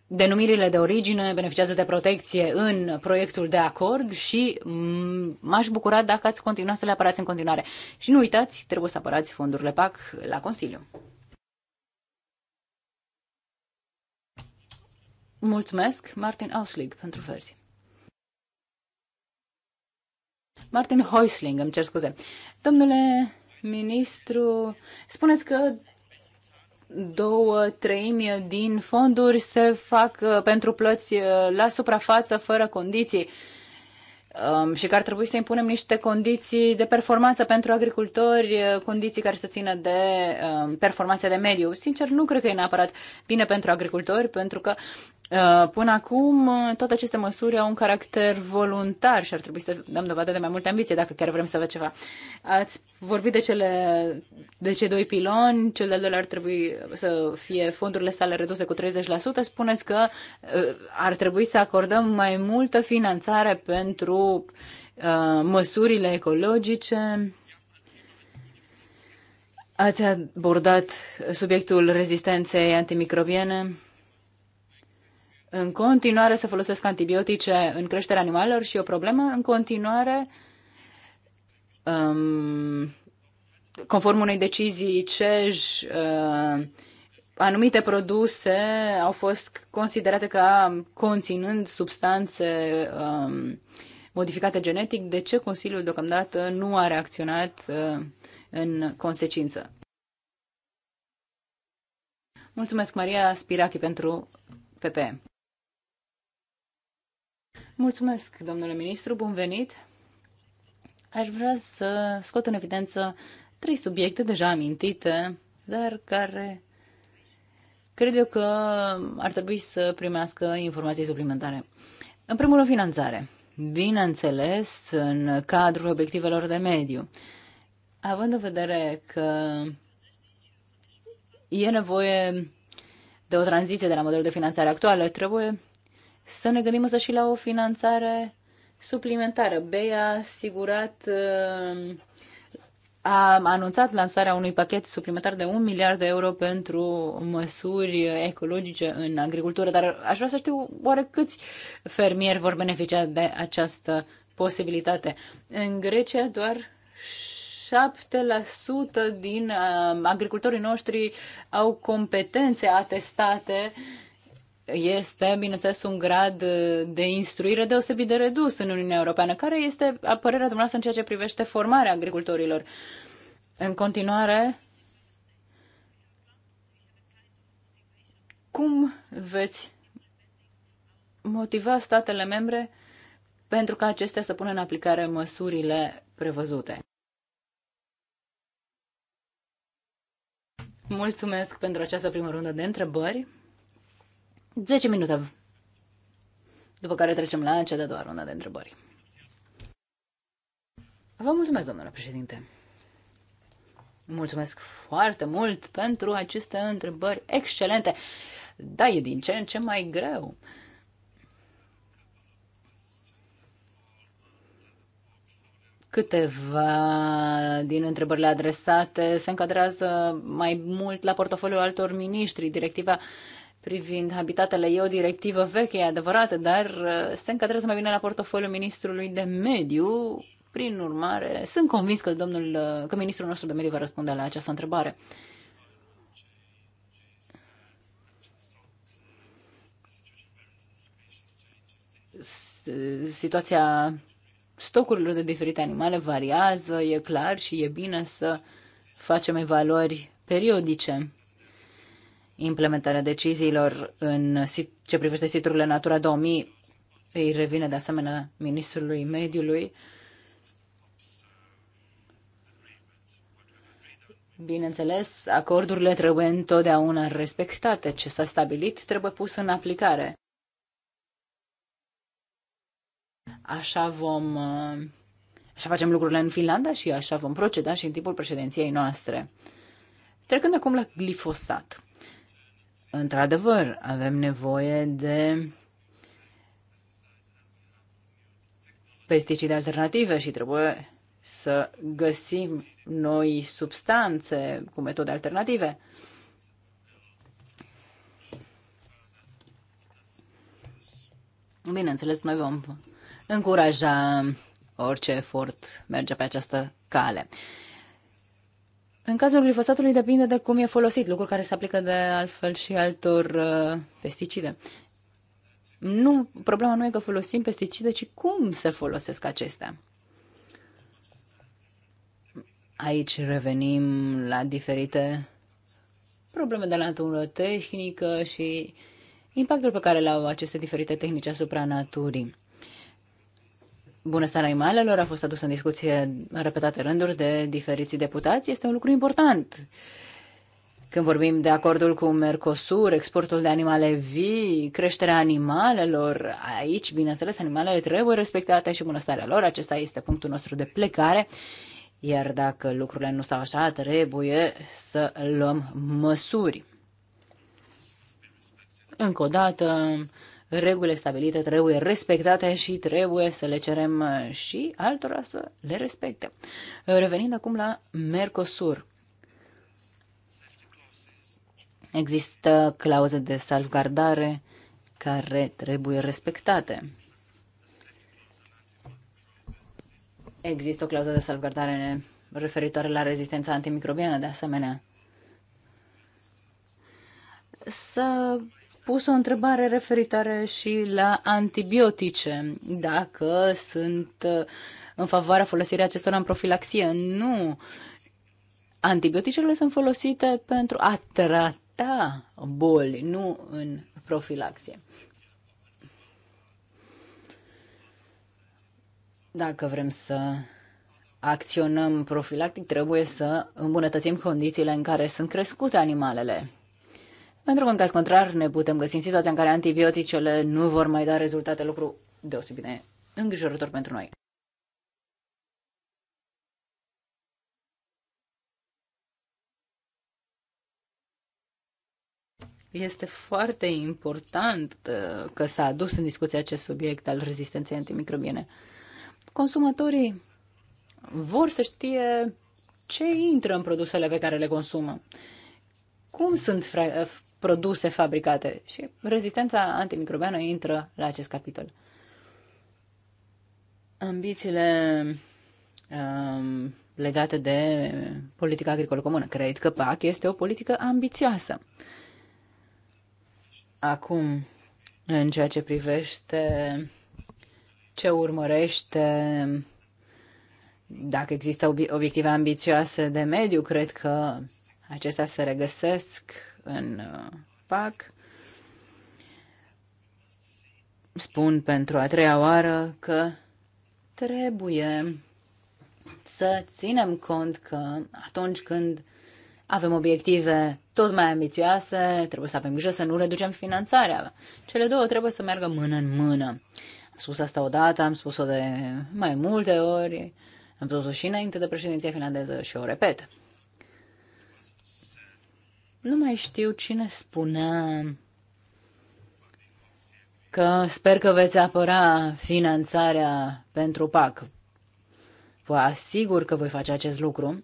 denumirile de origine beneficiază de protecție în proiectul de acord și mm, m-aș bucura dacă ați continua să le apărați în continuare. Și nu uitați, trebuie să apărați fondurile PAC la Consiliu. Mulțumesc, Martin Auslig, pentru verzi. Martin Häusling, îmi cer scuze. Domnule ministru, spuneți că două treimi din fonduri se fac uh, pentru plăți uh, la suprafață fără condiții um, și că ar trebui să impunem niște condiții de performanță pentru agricultori, uh, condiții care să țină de um, performanța de mediu. Sincer, nu cred că e neapărat bine pentru agricultori, pentru că Uh, până acum, uh, toate aceste măsuri au un caracter voluntar și ar trebui să dăm dovadă de mai multă ambiție dacă chiar vrem să facem ceva. Ați vorbit de, cele, de cei doi piloni, cel de-al doilea ar trebui să fie fondurile sale reduse cu 30%. Spuneți că uh, ar trebui să acordăm mai multă finanțare pentru măsurile ecologice. Ați abordat subiectul rezistenței antimicrobiene în continuare se folosesc antibiotice în creșterea animalelor și o problemă în continuare um, conform unei decizii CEJ uh, anumite produse au fost considerate ca conținând substanțe um, modificate genetic, de ce Consiliul deocamdată nu a reacționat uh, în consecință? Mulțumesc, Maria Spirachi, pentru PP. Mulțumesc, domnule ministru, bun venit. Aș vrea să scot în evidență trei subiecte deja amintite, dar care cred eu că ar trebui să primească informații suplimentare. În primul rând, finanțare. Bineînțeles, în cadrul obiectivelor de mediu. Având în vedere că e nevoie de o tranziție de la modelul de finanțare actuală, trebuie să ne gândim însă și la o finanțare suplimentară. Bea a asigurat, uh, a anunțat lansarea unui pachet suplimentar de 1 miliard de euro pentru măsuri ecologice în agricultură, dar aș vrea să știu oare câți fermieri vor beneficia de această posibilitate. În Grecia doar 7% din uh, agricultorii noștri au competențe atestate uh, este, bineînțeles, un grad uh, de instruire deosebit de redus în Uniunea Europeană. Care este părerea dumneavoastră în ceea ce privește formarea agricultorilor? În continuare, cum veți motiva statele membre pentru ca acestea să pună în aplicare măsurile prevăzute? Mulțumesc pentru această primă rundă de întrebări. 10 minute, după care trecem la cea de-a doua runda de întrebări. Vă mulțumesc, domnule președinte. Mulțumesc foarte mult pentru aceste întrebări excelente. Da, e din ce în ce mai greu. Câteva din întrebările adresate se încadrează mai mult la portofoliul altor miniștri. Directiva uh, privind habitatele. E o directivă veche, e adevărată, dar uh, se încadrează mai bine la portofoliul ministrului de mediu. Prin urmare, sunt convins că, domnul, uh, că ministrul nostru de mediu va răspunde la această întrebare. Situația stocurilor de diferite animale variază, e clar și e bine să facem evaluări periodice implementarea deciziilor în ce privește siturile Natura 2000 îi revine de asemenea Ministrului Mediului. Bineînțeles, acordurile trebuie întotdeauna respectate. Ce s-a stabilit trebuie pus în aplicare. Așa vom. Așa facem lucrurile în Finlanda și așa vom proceda și în timpul președinției noastre. Trecând acum la glifosat. Într-adevăr, avem nevoie de pesticide alternative și trebuie să găsim noi substanțe cu metode alternative. Bineînțeles, noi vom încuraja orice efort merge pe această cale. În cazul glifosatului depinde de cum e folosit, lucru care se aplică de altfel și altor uh, pesticide. Nu, problema nu e că folosim pesticide, ci cum se folosesc acestea. Aici revenim la diferite probleme de natură tehnică și impactul pe care le au aceste diferite tehnici asupra naturii bunăstarea animalelor a fost adusă în discuție în repetate rânduri de diferiți deputați. Este un lucru important. Când vorbim de acordul cu Mercosur, exportul de animale vii, creșterea animalelor, aici, bineînțeles, animalele trebuie respectate și bunăstarea lor. Acesta este punctul nostru de plecare. Iar dacă lucrurile nu stau așa, trebuie să luăm măsuri. Încă o dată, regulile stabilite trebuie respectate și trebuie să le cerem uh, și altora să le respecte. Uh, revenind acum la Mercosur. Există clauze de salvgardare care trebuie respectate. Există o clauză de salvgardare referitoare la rezistența antimicrobiană, de asemenea. Să pus o întrebare referitoare și la antibiotice, dacă sunt uh, în favoarea folosirii acestora în profilaxie. Nu. Antibioticele sunt folosite pentru a trata boli, nu în profilaxie. Dacă vrem să acționăm profilactic, trebuie să îmbunătățim condițiile în care sunt crescute animalele. Pentru că, în caz contrar, ne putem găsi în situația în care antibioticele nu vor mai da rezultate, lucru deosebit de îngrijorător pentru noi. Este foarte important uh, că s-a adus în discuție acest subiect al rezistenței antimicrobiene. Consumatorii vor să știe ce intră în produsele pe care le consumă. Cum sunt produse fabricate și rezistența antimicrobiană intră la acest capitol. Ambițiile um, legate de politica agricolă comună. Cred că PAC este o politică ambițioasă. Acum, în ceea ce privește ce urmărește, dacă există obiective ambițioase de mediu, cred că acestea se regăsesc în uh, PAC. Spun pentru a treia oară că trebuie să ținem cont că atunci când avem obiective tot mai ambițioase, trebuie să avem grijă să nu reducem finanțarea. Cele două trebuie să meargă mână în mână. Am spus asta odată, am spus-o de mai multe ori, am spus-o și înainte de președinția finlandeză și o repet. Nu mai știu cine spune că sper că veți apăra finanțarea pentru PAC. Vă asigur că voi face acest lucru.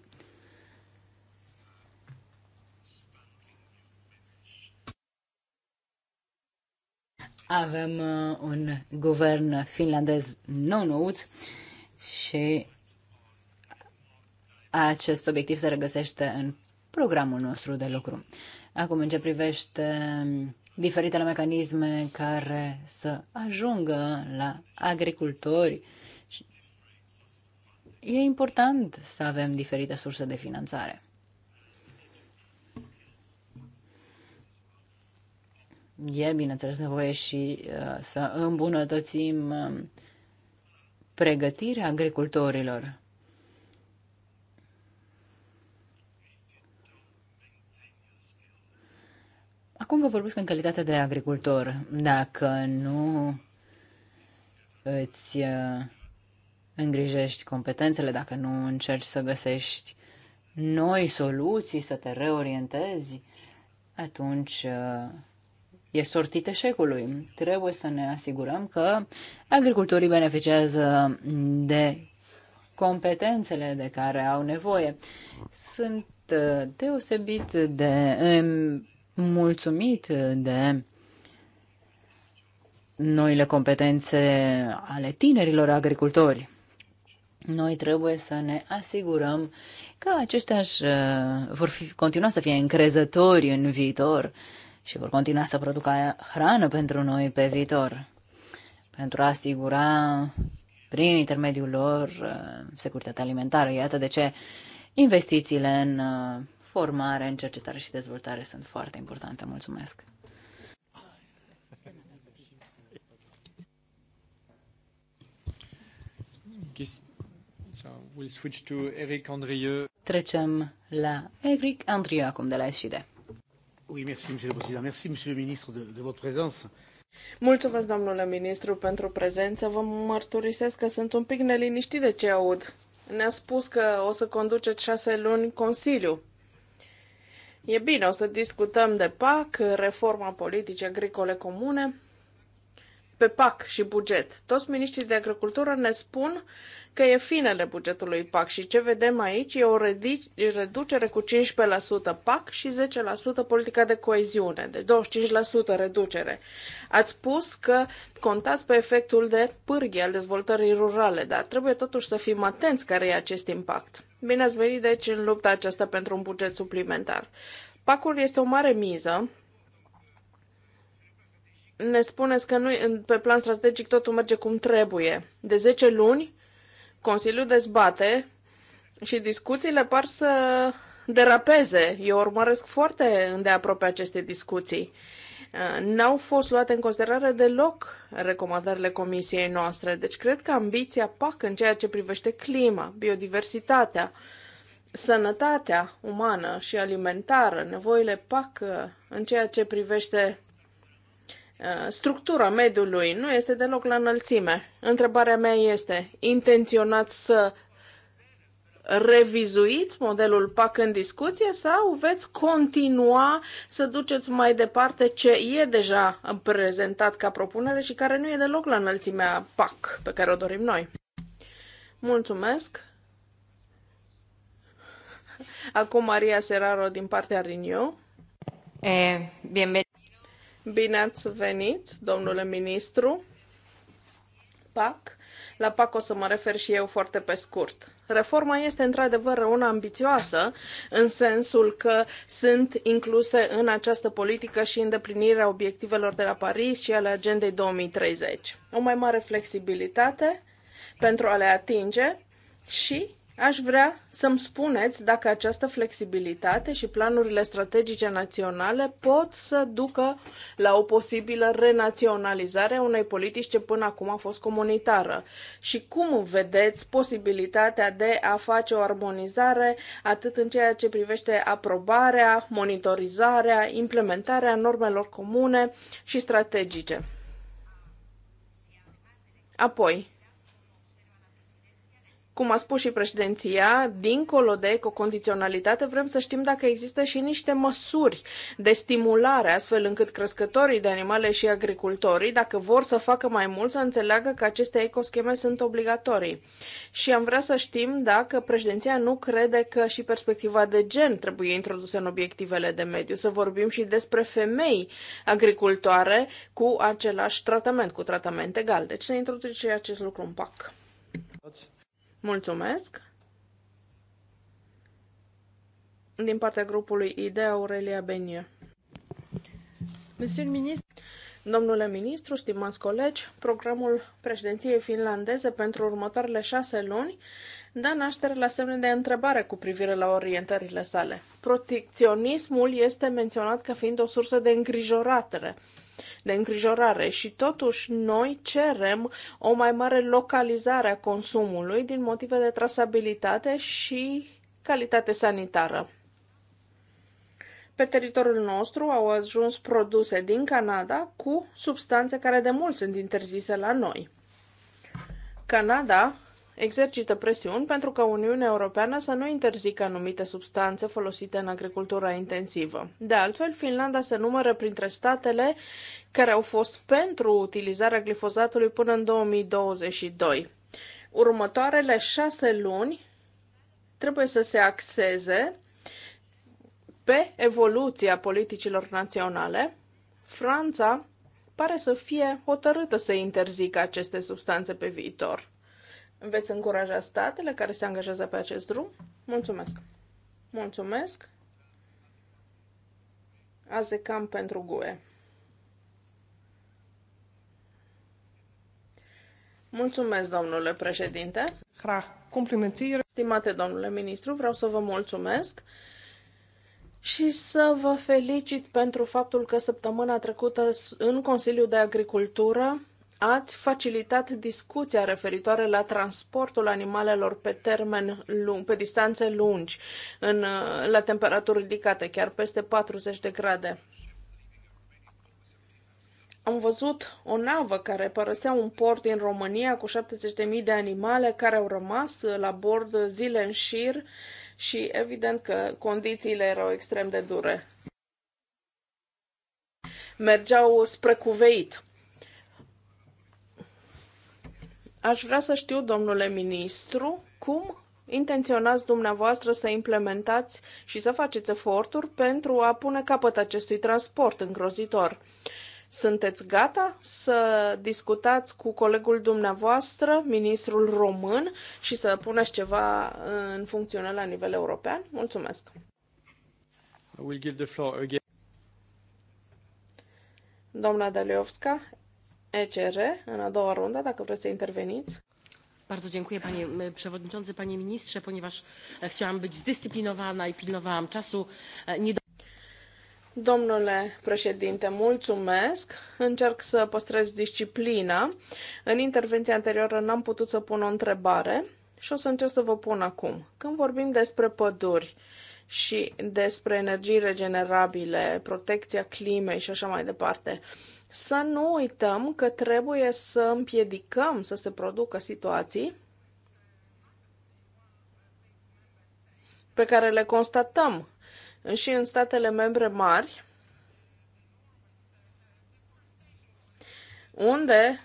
Avem uh, un guvern finlandez nou-nouț și acest obiectiv se regăsește în programul nostru de lucru. Acum, în ce privește diferitele mecanisme care să ajungă la agricultori, e important să avem diferite surse de finanțare. E, bineînțeles, nevoie și uh, să îmbunătățim uh, pregătirea agricultorilor. Acum vă vorbesc în calitate de agricultor. Dacă nu îți uh, îngrijești competențele, dacă nu încerci să găsești noi soluții, să te reorientezi, atunci uh, e sortit eșecului. Trebuie să ne asigurăm că agricultorii beneficiază de competențele de care au nevoie. Sunt uh, deosebit de mulțumit de noile competențe ale tinerilor agricultori. Noi trebuie să ne asigurăm că aceștia uh, vor fi, continua să fie încrezători în viitor și vor continua să producă hrană pentru noi pe viitor, pentru a asigura prin intermediul lor uh, securitatea alimentară. Iată de ce investițiile în uh, formare în cercetare și dezvoltare sunt foarte importante. Mulțumesc! We'll switch to Eric Andrieux. Trecem la Eric Andrieux acum de la SCD. Oui, merci, monsieur le président. Merci, monsieur le ministre, de, de votre présence. Mulțumesc, domnule ministru, pentru prezență. Vă mărturisesc că sunt un pic neliniștit de ce aud. Ne-a spus că o să conduceți șase luni Consiliu. E bine, o să discutăm de PAC, reforma politică agricole comune, pe PAC și buget. Toți miniștrii de agricultură ne spun că e finele bugetului PAC și ce vedem aici e o reducere cu 15% PAC și 10% politica de coeziune, de 25% reducere. Ați spus că contați pe efectul de pârghie al dezvoltării rurale, dar trebuie totuși să fim atenți care e acest impact. Bine ați venit, deci, în lupta aceasta pentru un buget suplimentar. Pacul este o mare miză. Ne spuneți că nu, pe plan strategic totul merge cum trebuie. De 10 luni, Consiliul dezbate și discuțiile par să derapeze. Eu urmăresc foarte îndeaproape aceste discuții n-au fost luate în considerare deloc recomandările comisiei noastre. Deci cred că ambiția PAC în ceea ce privește clima, biodiversitatea, sănătatea umană și alimentară, nevoile PAC uh, în ceea ce privește uh, structura mediului nu este deloc la înălțime. Întrebarea mea este, intenționați să revizuiți modelul PAC în discuție sau veți continua să duceți mai departe ce e deja prezentat ca propunere și care nu e deloc la înălțimea PAC pe care o dorim noi? Mulțumesc! Acum Maria Seraro din partea Renew. Bine ați venit, domnule ministru. PAC. La PAC o să mă refer și eu foarte pe scurt. Reforma este într-adevăr una ambițioasă, în sensul că sunt incluse în această politică și îndeplinirea obiectivelor de la Paris și ale Agendei 2030. O mai mare flexibilitate pentru a le atinge și Aș vrea să-mi spuneți dacă această flexibilitate și planurile strategice naționale pot să ducă la o posibilă renaționalizare a unei politici ce până acum a fost comunitară și cum vedeți posibilitatea de a face o armonizare atât în ceea ce privește aprobarea, monitorizarea, implementarea normelor comune și strategice. Apoi, cum a spus și președinția, dincolo de ecocondiționalitate, vrem să știm dacă există și niște măsuri de stimulare, astfel încât crescătorii de animale și agricultorii, dacă vor să facă mai mult, să înțeleagă că aceste ecoscheme sunt obligatorii. Și am vrea să știm dacă președinția nu crede că și perspectiva de gen trebuie introdusă în obiectivele de mediu. Să vorbim și despre femei agricultoare cu același tratament, cu tratament egal. Deci să introduce acest lucru în PAC. Toți. Mulțumesc! Din partea grupului ID Aurelia Benie. Monsieur ministru, Domnule ministru, stimați colegi, programul președinției finlandeze pentru următoarele șase luni dă naștere la semne de întrebare cu privire la orientările sale. Protecționismul este menționat ca fiind o sursă de îngrijorare de îngrijorare și totuși noi cerem o mai mare localizare a consumului din motive de trasabilitate și calitate sanitară. Pe teritoriul nostru au ajuns produse din Canada cu substanțe care de mult sunt interzise la noi. Canada exercită presiuni pentru ca Uniunea Europeană să nu interzică anumite substanțe folosite în agricultura intensivă. De altfel, Finlanda se numără printre statele care au fost pentru utilizarea glifozatului până în 2022. Următoarele șase luni trebuie să se axeze pe evoluția politicilor naționale. Franța pare să fie hotărâtă să interzică aceste substanțe pe viitor. Veți încuraja statele care se angajează pe acest drum? Mulțumesc! Mulțumesc! Azecam pentru GUE. Mulțumesc, domnule președinte. Hra, complimentire. Stimate domnule ministru, vreau să vă mulțumesc și să vă felicit pentru faptul că săptămâna trecută în Consiliul de Agricultură ați facilitat discuția referitoare la transportul animalelor pe termen lung, pe distanțe lungi, în, uh, la temperaturi ridicate, chiar peste 40 de grade. Am văzut o navă care părăsea un port din România cu 70.000 de animale care au rămas uh, la bord zile în șir și evident că condițiile erau extrem de dure. Mergeau spre cuveit Aș vrea să știu, domnule ministru, cum intenționați dumneavoastră să implementați și să faceți eforturi pentru a pune capăt acestui transport îngrozitor. Sunteți gata să discutați cu colegul dumneavoastră, ministrul român, și să puneți ceva în funcțiune la nivel european? Mulțumesc! I will give the floor again. Doamna Daliovska, ECR în a doua rundă, dacă vreți să interveniți. Bardzo dziękuję panie przewodniczący, panie ministrze, ponieważ chciałam być zdyscyplinowana i pilnowałam czasu. Nie Domnule președinte, mulțumesc. Încerc să păstrez disciplina. În intervenția anterioară n-am putut să pun o întrebare și o să încerc să vă pun acum. Când vorbim despre păduri și despre energii regenerabile, protecția climei și așa mai departe, să nu uităm că trebuie să împiedicăm să se producă situații pe care le constatăm și în statele membre mari, unde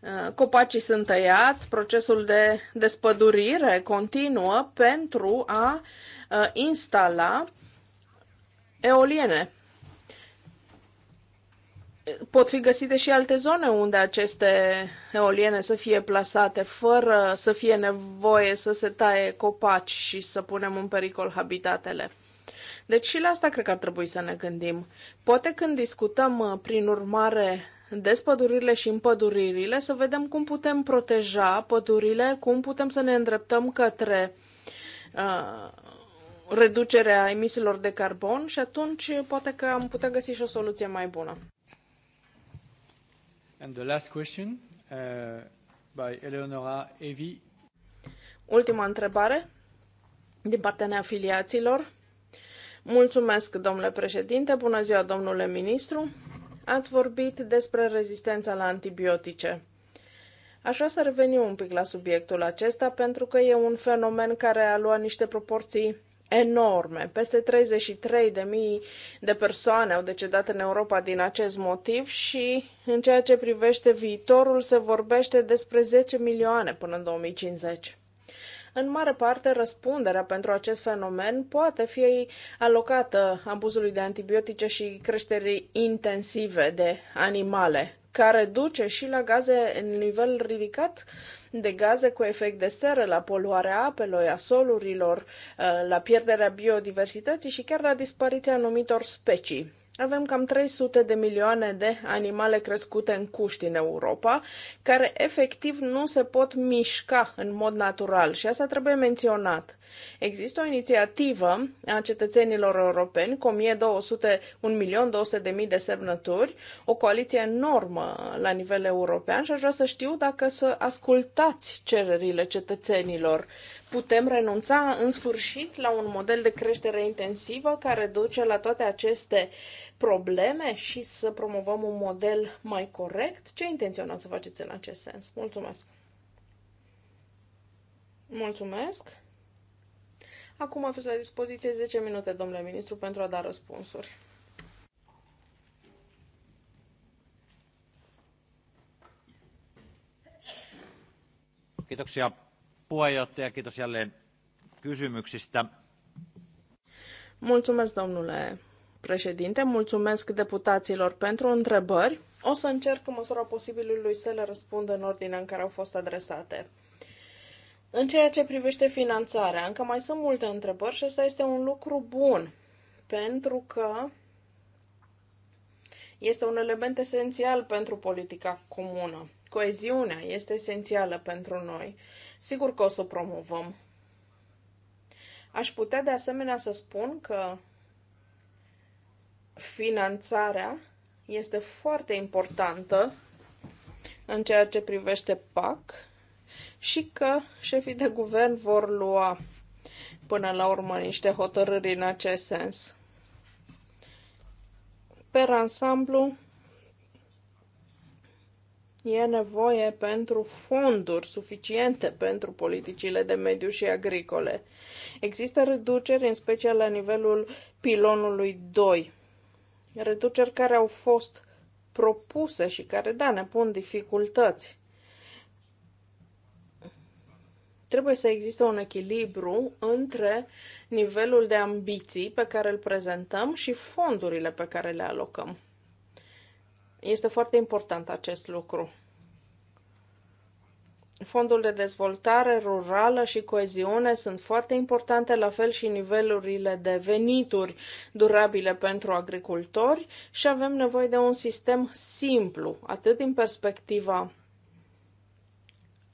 uh, copacii sunt tăiați, procesul de despădurire continuă pentru a uh, instala eoliene pot fi găsite și alte zone unde aceste eoliene să fie plasate fără să fie nevoie să se taie copaci și să punem în pericol habitatele. Deci și la asta cred că ar trebui să ne gândim. Poate când discutăm, uh, prin urmare, despăduririle și împăduririle, să vedem cum putem proteja pădurile, cum putem să ne îndreptăm către uh, reducerea emisiilor de carbon și atunci uh, poate că am putea găsi și o soluție mai bună. And the last question uh, by Eleonora Evi. Ultima întrebare din partea neafiliaților. Mulțumesc, domnule președinte. Bună ziua, domnule ministru. Ați vorbit despre rezistența la antibiotice. Aș vrea să revenim un pic la subiectul acesta pentru că e un fenomen care a luat niște proporții enorme. Peste 33.000 de persoane au decedat în Europa din acest motiv și în ceea ce privește viitorul se vorbește despre 10 milioane până în 2050. În mare parte, răspunderea pentru acest fenomen poate fi alocată abuzului de antibiotice și creșterii intensive de animale care duce și la gaze în nivel ridicat de gaze cu efect de seră, la poluarea apelor, a solurilor, uh, la pierderea biodiversității și chiar la dispariția anumitor specii. Avem cam 300 de milioane de animale crescute în cuști în Europa, care efectiv nu se pot mișca în mod natural și asta trebuie menționat. Există o inițiativă a cetățenilor europeni cu 1200, 1.200.000 de semnături, o coaliție enormă la nivel european și aș vrea să știu dacă să ascultați cererile cetățenilor. Putem renunța în sfârșit la un model de creștere intensivă care duce la toate aceste probleme și să promovăm un model mai corect? Ce intenționați să faceți în acest sens? Mulțumesc! Mulțumesc! Acum aveți la dispoziție 10 minute, domnule ministru, pentru a da răspunsuri. Kiitoksia puheenjohtaja, kiitos jälleen kysymyksistä. Mulțumesc, domnule președinte, mulțumesc deputaților pentru întrebări. O să încerc în măsura posibilului să le răspund în ordinea în care au fost adresate. În ceea ce privește finanțarea, încă mai sunt multe întrebări și asta este un lucru bun, pentru că este un element esențial pentru politica comună. Coeziunea este esențială pentru noi. Sigur că o să o promovăm. Aș putea de asemenea să spun că finanțarea este foarte importantă în ceea ce privește PAC și că șefii de guvern vor lua până la urmă niște hotărâri în acest sens. Pe ansamblu, e nevoie pentru fonduri suficiente pentru politicile de mediu și agricole. Există reduceri, în special la nivelul pilonului 2. Reduceri care au fost propuse și care, da, ne pun dificultăți. Trebuie să existe un echilibru între nivelul de ambiții pe care îl prezentăm și fondurile pe care le alocăm. Este foarte important acest lucru. Fondul de dezvoltare rurală și coeziune sunt foarte importante, la fel și nivelurile de venituri durabile pentru agricultori și avem nevoie de un sistem simplu, atât din perspectiva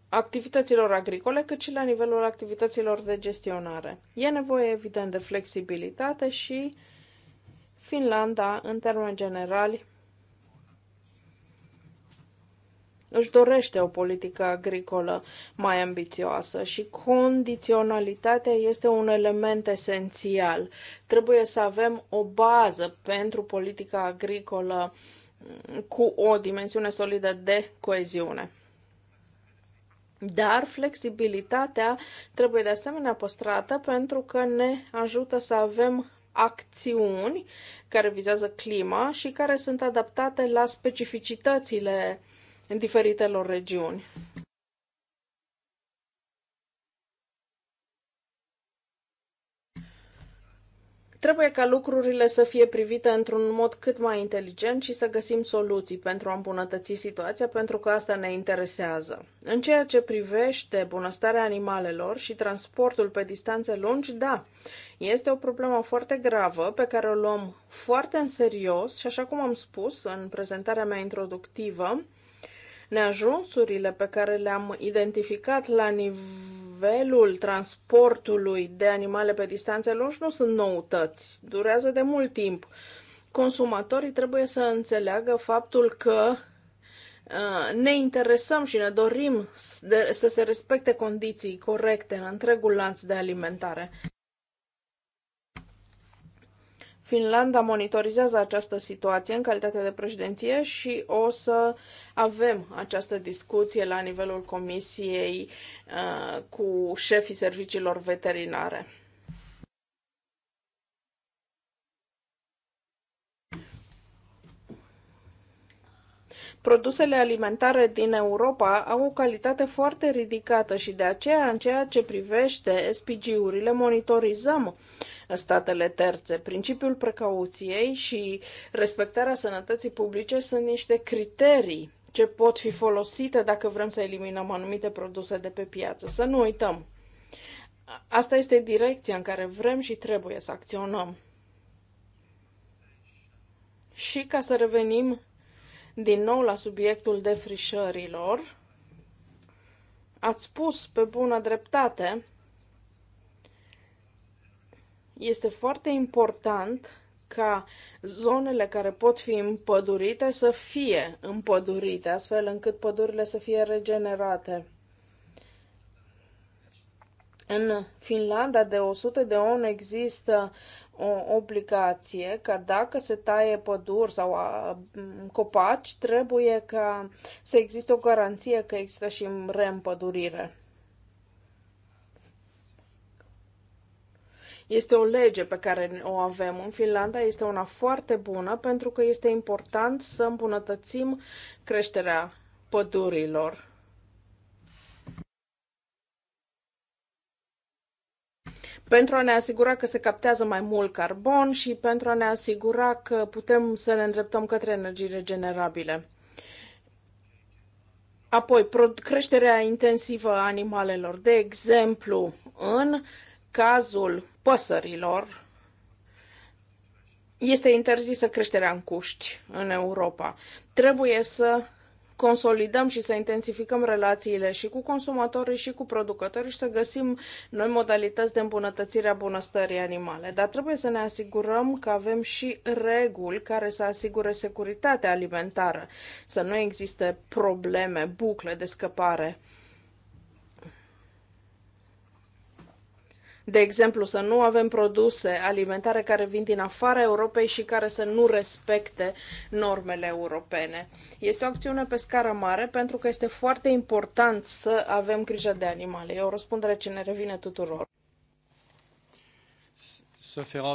activităților agricole, cât și la nivelul activităților de gestionare. E nevoie, evident, de flexibilitate și Finlanda, în termeni generali, își dorește o politică agricolă mai ambițioasă și condiționalitatea este un element esențial. Trebuie să avem o bază pentru politica agricolă cu o dimensiune solidă de coeziune. Dar flexibilitatea trebuie de asemenea păstrată pentru că ne ajută să avem acțiuni care vizează clima și care sunt adaptate la specificitățile diferitelor regiuni. Trebuie ca lucrurile să fie privite într-un mod cât mai inteligent și să găsim soluții pentru a îmbunătăți situația, pentru că asta ne interesează. În ceea ce privește bunăstarea animalelor și transportul pe distanțe lungi, da, este o problemă foarte gravă pe care o luăm foarte în serios și, așa cum am spus în prezentarea mea introductivă, neajunsurile pe care le-am identificat la nivel nivelul transportului de animale pe distanțe lungi nu sunt noutăți, durează de mult timp. Consumatorii trebuie să înțeleagă faptul că uh, ne interesăm și ne dorim să se respecte condiții corecte în întregul lanț de alimentare. Finlanda monitorizează această situație în calitate de președinție și o să avem această discuție la nivelul comisiei uh, cu șefii serviciilor veterinare. Produsele alimentare din Europa au o calitate foarte ridicată și de aceea, în ceea ce privește SPG-urile, monitorizăm statele terțe. Principiul precauției și respectarea sănătății publice sunt niște criterii ce pot fi folosite dacă vrem să eliminăm anumite produse de pe piață. Să nu uităm. Asta este direcția în care vrem și trebuie să acționăm. Și ca să revenim din nou la subiectul defrișărilor, ați spus pe bună dreptate, este foarte important ca zonele care pot fi împădurite să fie împădurite, astfel încât pădurile să fie regenerate. În Finlanda de 100 de ani există o obligație că dacă se taie păduri sau a, copaci, trebuie ca să existe o garanție că există și reîmpădurire. Este o lege pe care o avem în Finlanda, este una foarte bună pentru că este important să îmbunătățim creșterea pădurilor pentru a ne asigura că se captează mai mult carbon și pentru a ne asigura că putem să ne îndreptăm către energii regenerabile. Apoi, creșterea intensivă a animalelor. De exemplu, în cazul păsărilor, este interzisă creșterea în cuști în Europa. Trebuie să consolidăm și să intensificăm relațiile și cu consumatorii și cu producătorii și să găsim noi modalități de îmbunătățire a bunăstării animale. Dar trebuie să ne asigurăm că avem și reguli care să asigure securitatea alimentară, să nu existe probleme, bucle de scăpare De exemplu, să nu avem produse alimentare care vin din afara Europei și care să nu respecte normele europene. Este o acțiune pe scară mare pentru că este foarte important să avem grijă de animale. E o răspundere ce ne revine tuturor.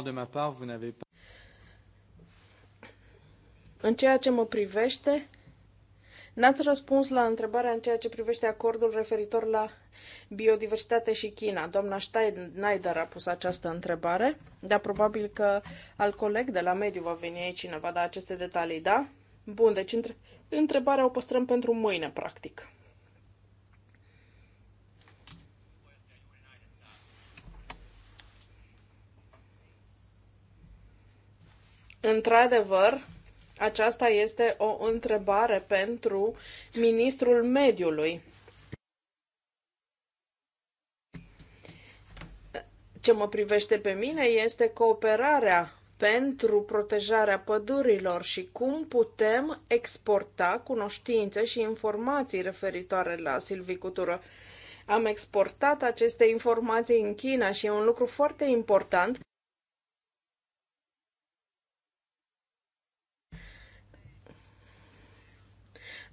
de ma part, vous n'avez pas... În ceea ce mă privește, N-ați răspuns la întrebarea în ceea ce privește acordul referitor la biodiversitate și China. Doamna Schneider a pus această întrebare, dar probabil că al coleg de la mediu va veni aici cineva da aceste detalii, da? Bun, deci între... întrebarea o păstrăm pentru mâine, practic. Într-adevăr, aceasta este o întrebare pentru Ministrul Mediului. Ce mă privește pe mine este cooperarea pentru protejarea pădurilor și cum putem exporta cunoștințe și informații referitoare la silvicultură. Am exportat aceste informații în China și e un lucru foarte important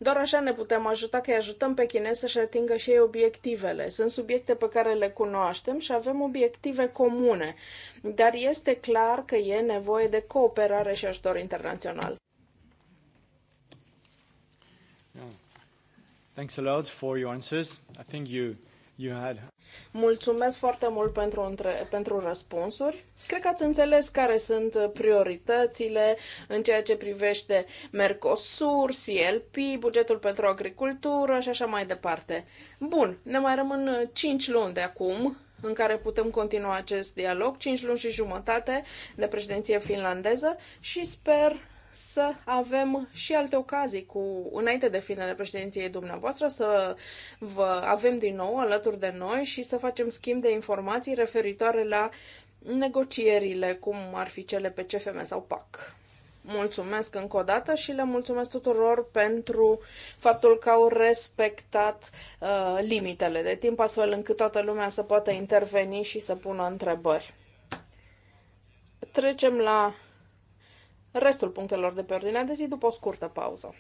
Doar așa ne putem ajuta că îi ajutăm pe chinezi să-și atingă și ei obiectivele. Sunt subiecte pe care le cunoaștem și avem obiective comune, dar este clar că e nevoie de cooperare și ajutor internațional. Thanks a lot for your answers. I think you You had. Mulțumesc foarte mult pentru, între, pentru răspunsuri. Cred că ați înțeles care sunt prioritățile în ceea ce privește Mercosur, CLP, bugetul pentru agricultură și așa mai departe. Bun, ne mai rămân 5 luni de acum în care putem continua acest dialog, 5 luni și jumătate de președinție finlandeză și sper să avem și alte ocazii cu, înainte de finele președinției dumneavoastră, să vă avem din nou alături de noi și să facem schimb de informații referitoare la negocierile, cum ar fi cele pe CFM sau PAC. Mulțumesc încă o dată și le mulțumesc tuturor pentru faptul că au respectat uh, limitele de timp, astfel încât toată lumea să poată interveni și să pună întrebări. Trecem la restul punctelor de pe ordinea de zi după o scurtă pauză.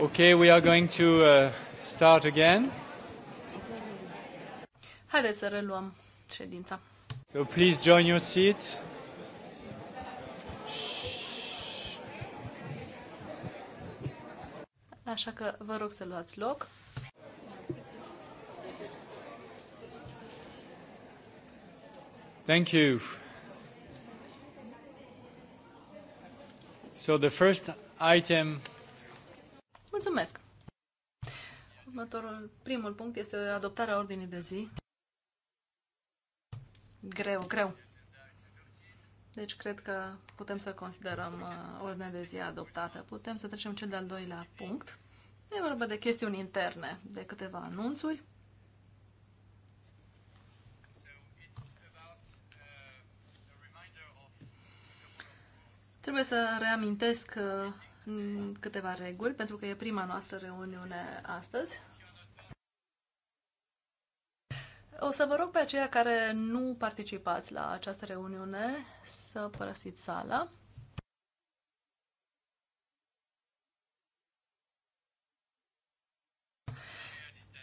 Okay, we are going to uh, start again. Haideți să reluăm ședința. So please join your seat. Așa că vă rog să luați loc. Thank you. So the first item Mulțumesc! Următorul, primul punct este adoptarea ordinii de zi. Greu, greu. Deci cred că putem să considerăm uh, ordinea de zi adoptată. Putem să trecem cel de-al doilea punct. E vorba de chestiuni interne, de câteva anunțuri. Trebuie să reamintesc uh, Mm, câteva reguli, pentru că e prima noastră reuniune astăzi. O să vă rog pe aceia care nu participați la această reuniune să părăsiți sala.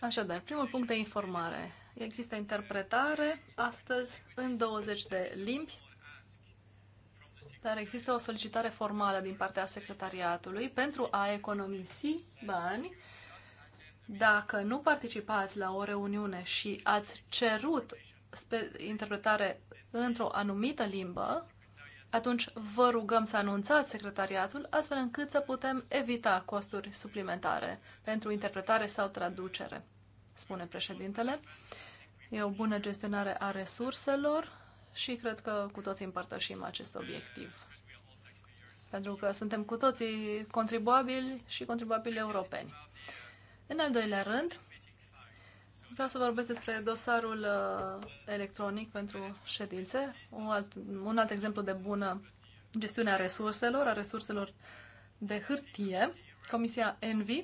Așadar, primul punct de informare. Există interpretare astăzi în 20 de limbi dar există o solicitare formală din partea secretariatului pentru a economisi bani. Dacă nu participați la o reuniune și ați cerut interpretare într-o anumită limbă, atunci vă rugăm să anunțați secretariatul astfel încât să putem evita costuri suplimentare pentru interpretare sau traducere, spune președintele. E o bună gestionare a resurselor și cred că cu toții împărtășim acest obiectiv. Pentru că suntem cu toții contribuabili și contribuabili europeni. În al doilea rând, vreau să vorbesc despre dosarul uh, electronic pentru ședințe, un alt, un alt exemplu de bună gestiune a resurselor, a resurselor de hârtie. Comisia Envi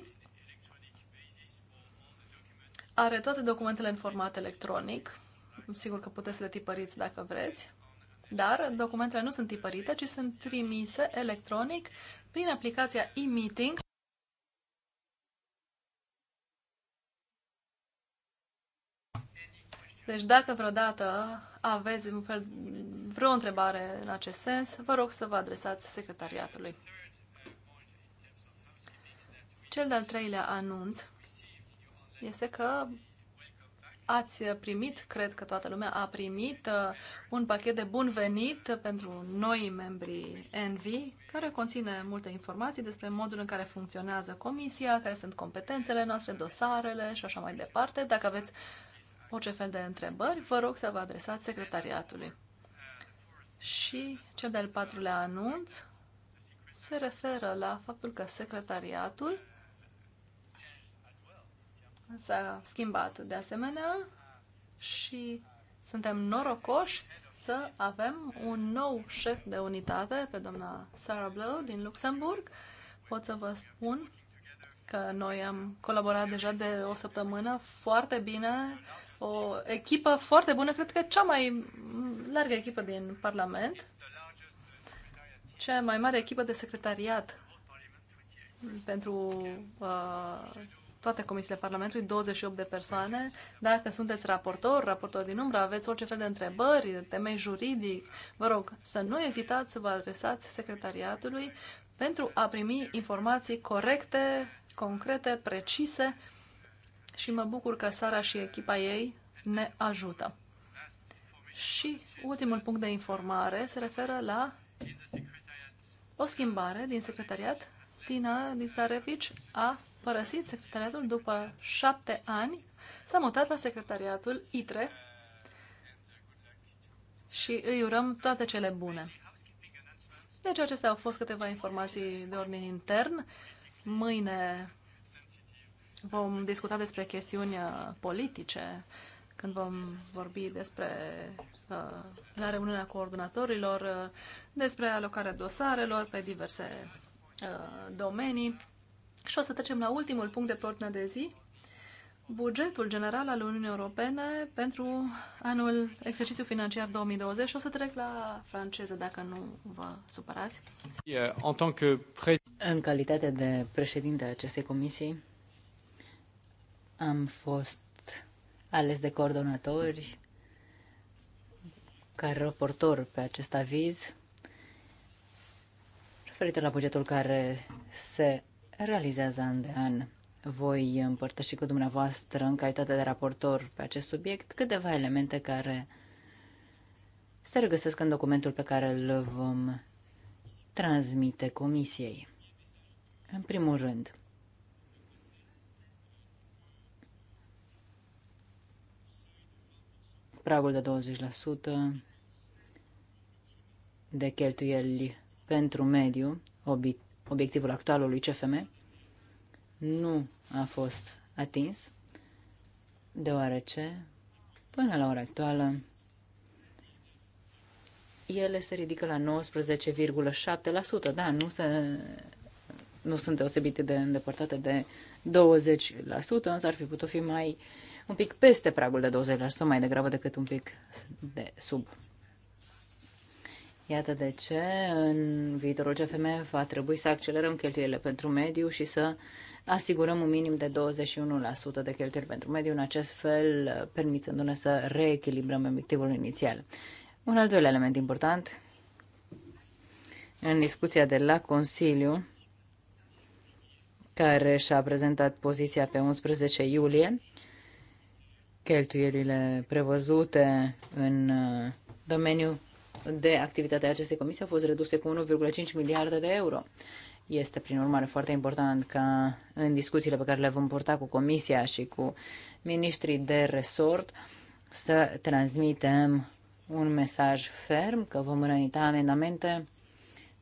are toate documentele în format electronic sigur că puteți să le tipăriți dacă vreți, dar documentele nu sunt tipărite, ci sunt trimise electronic prin aplicația e-meeting. Deci dacă vreodată aveți vreo întrebare în acest sens, vă rog să vă adresați secretariatului. Cel de-al treilea anunț este că ați primit, cred că toată lumea a primit uh, un pachet de bun venit pentru noi membrii Envi, care conține multe informații despre modul în care funcționează comisia, care sunt competențele noastre, dosarele și așa mai departe. Dacă aveți orice fel de întrebări, vă rog să vă adresați secretariatului. Și cel de-al patrulea anunț se referă la faptul că secretariatul s-a schimbat de asemenea și suntem norocoși să avem un nou șef de unitate pe doamna Sarah Blow din Luxemburg. Pot să vă spun că noi am colaborat deja de o săptămână foarte bine, o echipă foarte bună, cred că cea mai largă echipă din Parlament, cea mai mare echipă de secretariat pentru uh, toate comisiile Parlamentului, 28 de persoane. Dacă sunteți raportor, raportor din umbră, aveți orice fel de întrebări, temei juridic, vă rog să nu ezitați să vă adresați secretariatului pentru a primi informații corecte, concrete, precise și mă bucur că Sara și echipa ei ne ajută. Și ultimul punct de informare se referă la o schimbare din secretariat Tina Distarevici a părăsit secretariatul după șapte ani, s-a mutat la secretariatul ITRE și îi urăm toate cele bune. Deci acestea au fost câteva informații de ordine intern. Mâine vom discuta despre chestiuni uh, politice, când vom vorbi despre uh, la reuniunea coordonatorilor, uh, despre alocarea dosarelor pe diverse domenii. Și o să trecem la ultimul punct de pe ordinea de zi, bugetul general al Uniunii Europene pentru anul exercițiu financiar 2020. O să trec la franceză, dacă nu vă supărați. În calitate de președinte a acestei comisii, am fost ales de coordonatori ca raportor pe acest aviz referitor la bugetul care se realizează an de an. Voi împărtăși cu dumneavoastră, în calitate de raportor pe acest subiect, câteva elemente care se regăsesc în documentul pe care îl vom transmite comisiei. În primul rând, pragul de 20% de cheltuieli pentru mediu, obit obiectivul actualului CFM nu a fost atins, deoarece până la ora actuală ele se ridică la 19,7%, da, nu, se, nu sunt deosebite de îndepărtate de 20%, însă ar fi putut fi mai un pic peste pragul de 20%, mai degrabă decât un pic de sub. Iată de ce în viitorul CFM va trebui să accelerăm cheltuielile pentru mediu și să asigurăm un minim de 21% de cheltuieli pentru mediu, în acest fel permițându-ne să reechilibrăm obiectivul inițial. Un al doilea element important în discuția de la Consiliu, care și-a prezentat poziția pe 11 iulie, cheltuielile prevăzute în uh, domeniul de activitate a acestei comisii au fost reduse cu 1,5 miliarde de euro. Este, prin urmare, foarte important ca în discuțiile pe care le vom purta cu Comisia și cu ministrii de resort să transmitem un mesaj ferm că vom înainta amendamente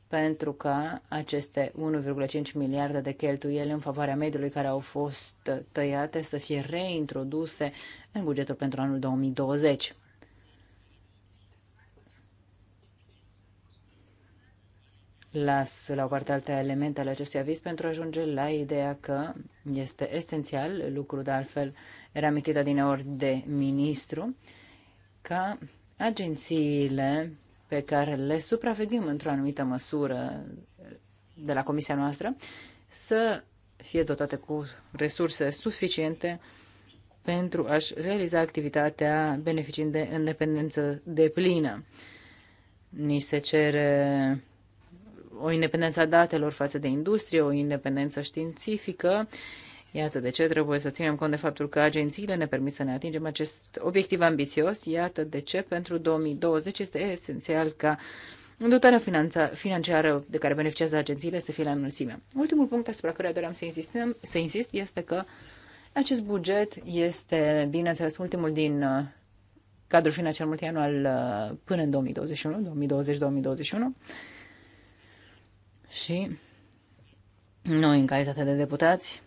pentru că aceste 1,5 miliarde de cheltuieli în favoarea mediului care au fost tăiate să fie reintroduse în bugetul pentru anul 2020. las la o parte alte elemente ale acestui aviz pentru a ajunge la ideea că este esențial, lucru de altfel era din ori de ministru, ca agențiile pe care le supraveghem într-o anumită măsură de la comisia noastră să fie dotate cu resurse suficiente pentru a-și realiza activitatea beneficiind de independență deplină. Ni se cere o independență a datelor față de industrie, o independență științifică. Iată de ce trebuie să ținem cont de faptul că agențiile ne permit să ne atingem acest obiectiv ambițios. Iată de ce pentru 2020 este esențial ca dotarea finanța, financiară de care beneficiază agențiile să fie la înălțime. Ultimul punct asupra care doream să, insistăm, să insist este că acest buget este, bineînțeles, ultimul din uh, cadrul financiar multianual uh, până în 2021, 2020-2021 și noi, în calitate de deputați,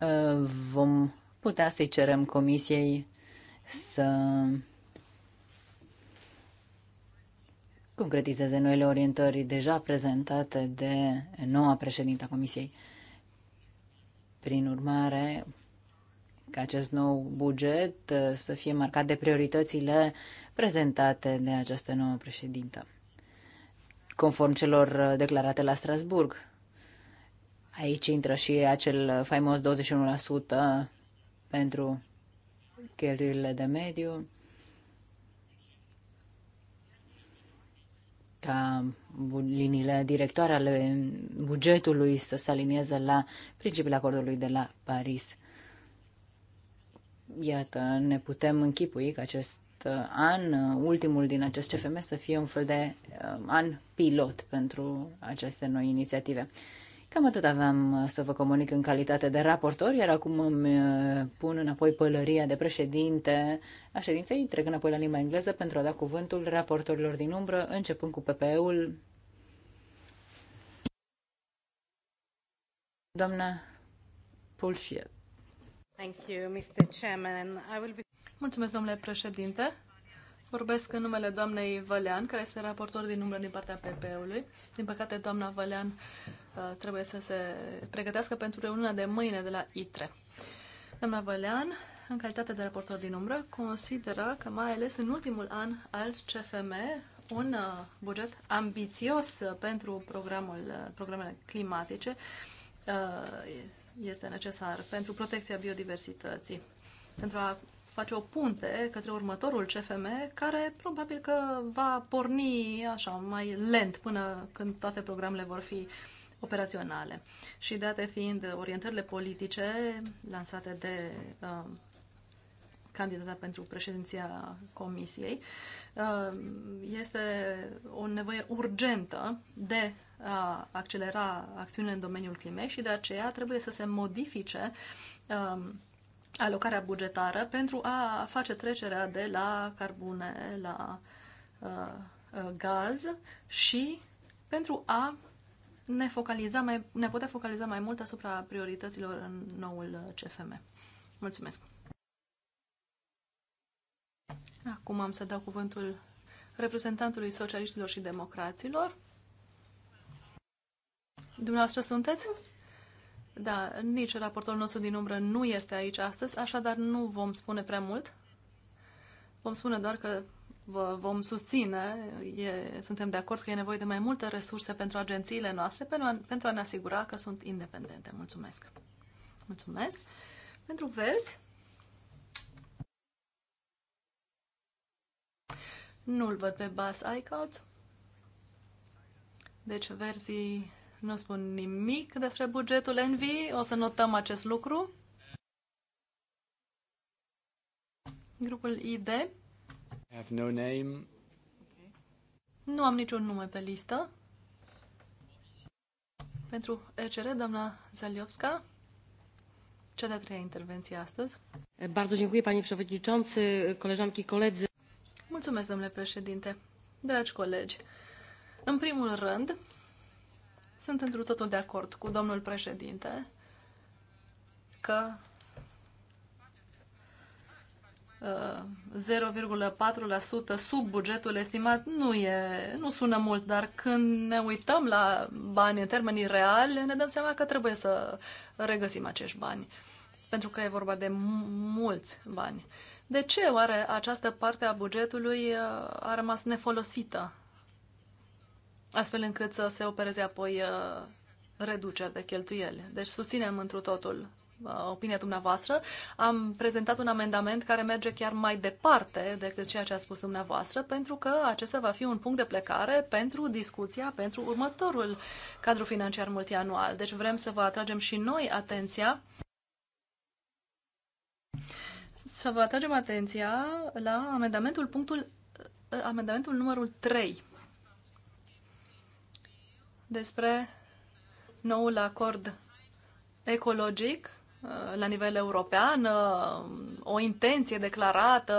ă, vom putea să-i cerem comisiei să concretizeze noile orientări deja prezentate de noua președintă a comisiei. Prin urmare, ca acest nou buget ă, să fie marcat de prioritățile prezentate de această nouă președintă conform celor uh, declarate la Strasburg. Aici intră și acel faimos 21% pentru cheltuielile de mediu. ca liniile directoare ale bugetului să se alinieze la principiul acordului de la Paris. Iată, ne putem închipui că acest Uh, an, uh, ultimul din acest CFM, să fie un fel de uh, an pilot pentru aceste noi inițiative. Cam atât aveam să vă comunic în calitate de raportor, iar acum îmi pun înapoi pălăria de președinte a ședinței, trec înapoi la limba engleză pentru a da cuvântul raportorilor din umbră, începând cu PPE-ul. Doamna Pulșiet. Mulțumesc, domnule președinte. Vorbesc în numele doamnei Vălean, care este raportor din umbră din partea PP-ului. Din păcate, doamna Vălean uh, trebuie să se pregătească pentru reuniunea de mâine de la ITRE. Doamna Vălean, în calitate de raportor din umbră, consideră că mai ales în ultimul an al CFM, un uh, buget ambițios pentru programul, uh, programele climatice este necesar pentru protecția biodiversității, pentru a face o punte către următorul CFM, care probabil că va porni așa mai lent până când toate programele vor fi operaționale. Și date fiind orientările politice lansate de uh, candidata pentru președinția Comisiei. Uh, este o nevoie urgentă de a accelera acțiunile în domeniul climei și de aceea trebuie să se modifice um, alocarea bugetară pentru a face trecerea de la carbune la uh, uh, gaz și pentru a ne, focaliza mai, ne putea focaliza mai mult asupra priorităților în noul CFM. Mulțumesc! Acum am să dau cuvântul reprezentantului socialiștilor și democraților. Dumneavoastră sunteți? Da, nici raportorul nostru din umbră nu este aici astăzi, așadar nu vom spune prea mult. Vom spune doar că vă vom susține, e, suntem de acord că e nevoie de mai multe resurse pentru agențiile noastre pentru a, pentru a ne asigura că sunt independente. Mulțumesc! Mulțumesc! Pentru verzi, Nu-l văd pe Bas Icod. Deci verzii nu spun nimic despre bugetul Envy. O să notăm acest lucru. Grupul ID. have no name. Nu am niciun nume pe listă. Pentru ECR, doamna Zaliowska, cea de-a treia intervenție astăzi. Bardzo dziękuję, panie przewodniczący, koleżanki i koledzy. Mulțumesc, domnule președinte. Dragi colegi, în primul rând, sunt într totul de acord cu domnul președinte că 0,4% uh, sub bugetul estimat nu, e, nu sună mult, dar când ne uităm la bani în termenii reali, ne dăm seama că trebuie să regăsim acești bani, pentru că e vorba de mulți bani. Uh, de ce oare această parte a bugetului uh, a rămas nefolosită, astfel încât să se opereze apoi uh, reduceri de cheltuieli? Deci susținem întru totul uh, opinia dumneavoastră. Am prezentat un amendament care merge chiar mai departe decât ceea ce a spus dumneavoastră, pentru că acesta va fi un punct de plecare pentru discuția pentru următorul cadru financiar multianual. Deci vrem să vă atragem și noi atenția să vă atragem atenția la amendamentul, punctul, eh, amendamentul numărul 3 despre noul acord ecologic eh, la nivel european, eh, o intenție declarată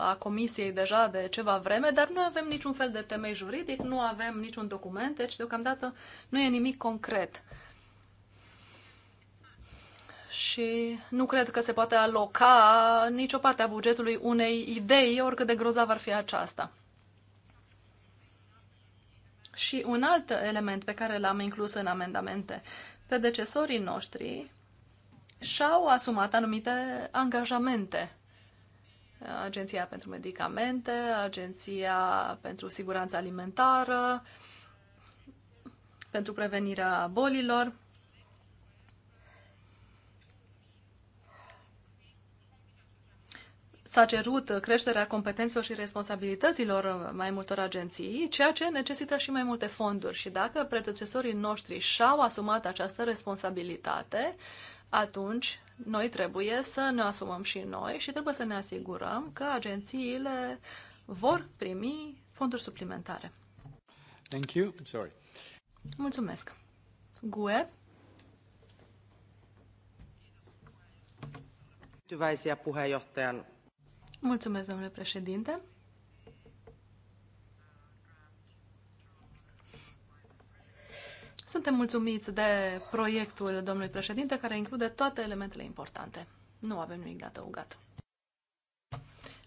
a Comisiei deja de ceva vreme, dar nu avem niciun fel de temei juridic, nu avem niciun document, deci deocamdată nu e nimic concret și nu cred că se poate aloca nicio parte a bugetului unei idei, oricât de grozav ar fi aceasta. Și un alt element pe care l-am inclus în amendamente. Predecesorii noștri și-au asumat anumite angajamente. Agenția pentru Medicamente, Agenția pentru Siguranță Alimentară, pentru prevenirea bolilor. s-a cerut creșterea competențelor și responsabilităților mai multor agenții, ceea ce necesită și mai multe fonduri. Și dacă predecesorii noștri și-au asumat această responsabilitate, atunci noi trebuie să ne asumăm și noi și trebuie să ne asigurăm că agențiile vor primi fonduri suplimentare. Thank you. sorry. Mulțumesc. GUE. Tyytyväisiä puheenjohtajan Mulțumesc, domnule președinte. Suntem mulțumiți de proiectul domnului președinte, care include toate elementele importante. Nu avem nimic de adăugat.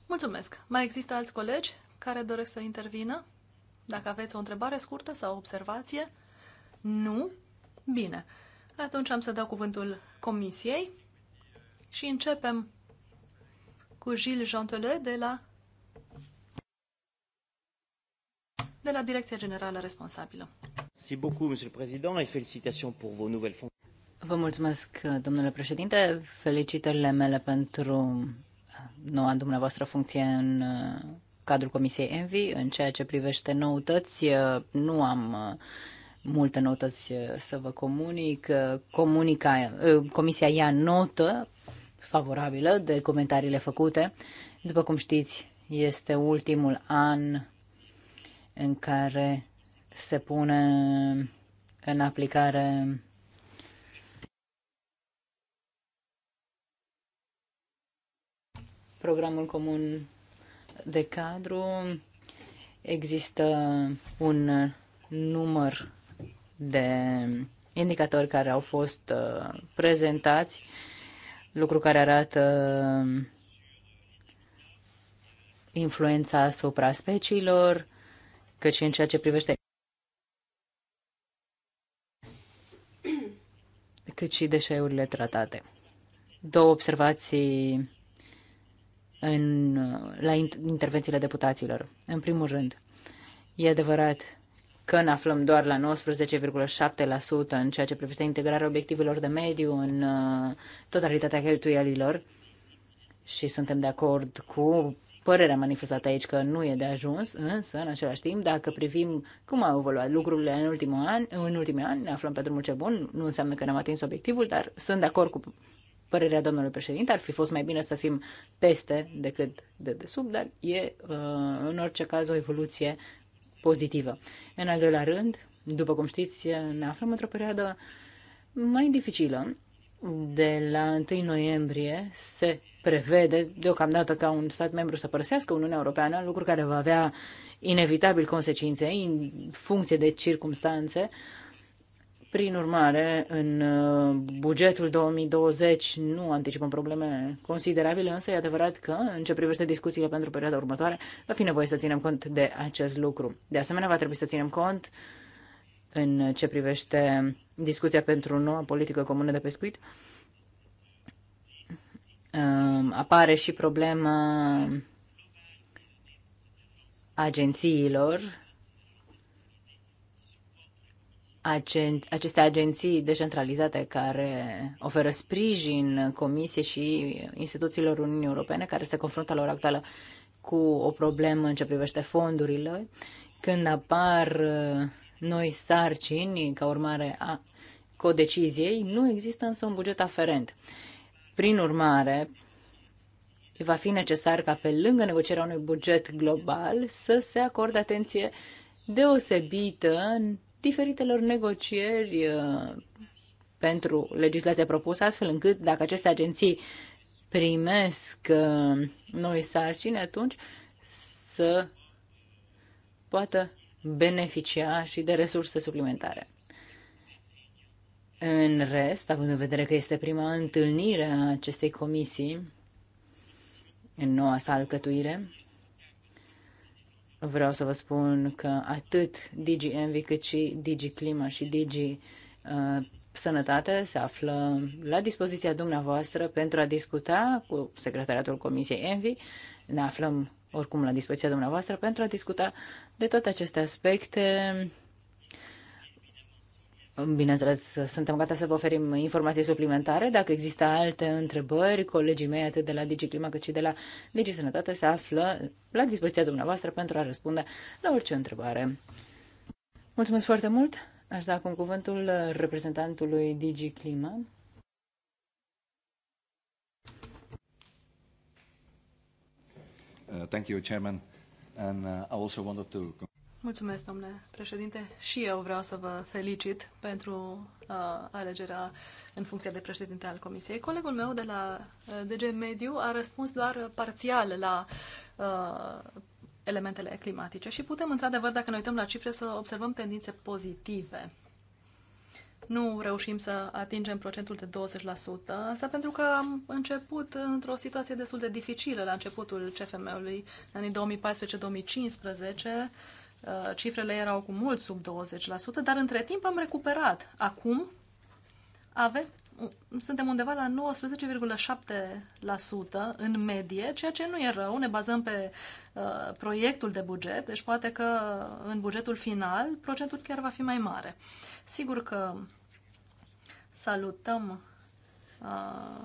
Mulțumesc. Mai există alți colegi care doresc să intervină? Dacă aveți o întrebare scurtă sau o observație? Nu? Bine. Atunci am să dau cuvântul comisiei și începem cu Gilles Jantele, de la, de la Direcția Generală Responsabilă. Si beaucoup, Monsieur le Président, et félicitations pour vos nouvelles fonctions. Vă mulțumesc, domnule președinte. Felicitările mele pentru uh, noua dumneavoastră funcție în uh, cadrul Comisiei Envi. În ceea ce privește noutăți, uh, nu am multe noutăți să vă comunic. Comunica, comisia ia notă favorabilă de comentariile făcute. După cum știți, este ultimul an în care se pune în aplicare programul comun de cadru. Există un număr de indicatori care au fost uh, prezentați lucru care arată uh, influența asupra speciilor, cât și în ceea ce privește cât și deșeurile tratate. Două observații în, la intervențiile deputaților. În primul rând, e adevărat că ne aflăm doar la 19,7% în ceea ce privește integrarea obiectivelor de mediu în uh, totalitatea cheltuielilor și suntem de acord cu părerea manifestată aici că nu e de ajuns, însă, în același timp, dacă privim cum au evoluat lucrurile în ultimul an, în ultimii ani, ne aflăm pe drumul cel bun, nu înseamnă că ne-am atins obiectivul, dar sunt de acord cu părerea domnului președinte, ar fi fost mai bine să fim peste decât de sub, dar e, uh, în orice caz, o evoluție pozitivă. În al doilea rând, după cum știți, ne aflăm într-o perioadă mai dificilă. De la 1 noiembrie se prevede deocamdată ca un stat membru să părăsească Uniunea Europeană, lucru care va avea inevitabil consecințe în funcție de circumstanțe. Uh, prin urmare, în uh, bugetul 2020 nu anticipăm probleme considerabile, însă e adevărat că, în ce privește discuțiile pentru perioada următoare, va fi nevoie să ținem cont de acest lucru. De asemenea, va trebui să ținem cont în ce privește discuția pentru noua politică comună de pescuit. Um, apare și problema agențiilor agen- aceste agenții decentralizate care oferă sprijin Comisiei și instituțiilor Uniunii Europene care se confruntă la ora actuală cu o problemă în ce privește fondurile, când apar uh, noi sarcini ca urmare a codeciziei, nu există însă un buget aferent. Prin urmare, va fi necesar ca pe lângă negocierea unui buget global să se acorde atenție deosebită diferitelor negocieri uh, pentru legislația propusă, astfel încât dacă aceste agenții primesc uh, noi sarcini, atunci să poată beneficia și de resurse suplimentare. În rest, având în vedere că este prima întâlnire a acestei comisii în noua sa alcătuire, Vreau să vă spun că atât Digi Envy cât și Digi Clima și Digi uh, Sănătate se află la dispoziția dumneavoastră pentru a discuta cu secretariatul Comisiei Envy. Ne aflăm oricum la dispoziția dumneavoastră pentru a discuta de toate aceste aspecte Bineînțeles, suntem gata să vă oferim informații suplimentare. Dacă există alte întrebări, colegii mei, atât de la DigiClima cât și de la DigiSănătate, se află la dispoziția dumneavoastră pentru a răspunde la orice întrebare. Mulțumesc foarte mult! Aș da acum cuvântul reprezentantului DigiClima. Uh, thank you, Chairman. And uh, I also wanted to... Mulțumesc, domnule președinte. Și eu vreau să vă felicit pentru uh, alegerea în funcția de președinte al Comisiei. Colegul meu de la uh, DG Mediu a răspuns doar parțial la uh, elementele climatice și putem, într-adevăr, dacă ne uităm la cifre, să observăm tendințe pozitive. Nu reușim să atingem procentul de 20%, asta pentru că am început într-o situație destul de dificilă la începutul CFM-ului, în anii 2014-2015, Uh, cifrele erau cu mult sub 20%, dar între timp am recuperat. Acum avem, uh, suntem undeva la 19,7% în medie, ceea ce nu e rău. Ne bazăm pe uh, proiectul de buget, deci poate că în bugetul final procentul chiar va fi mai mare. Sigur că salutăm uh,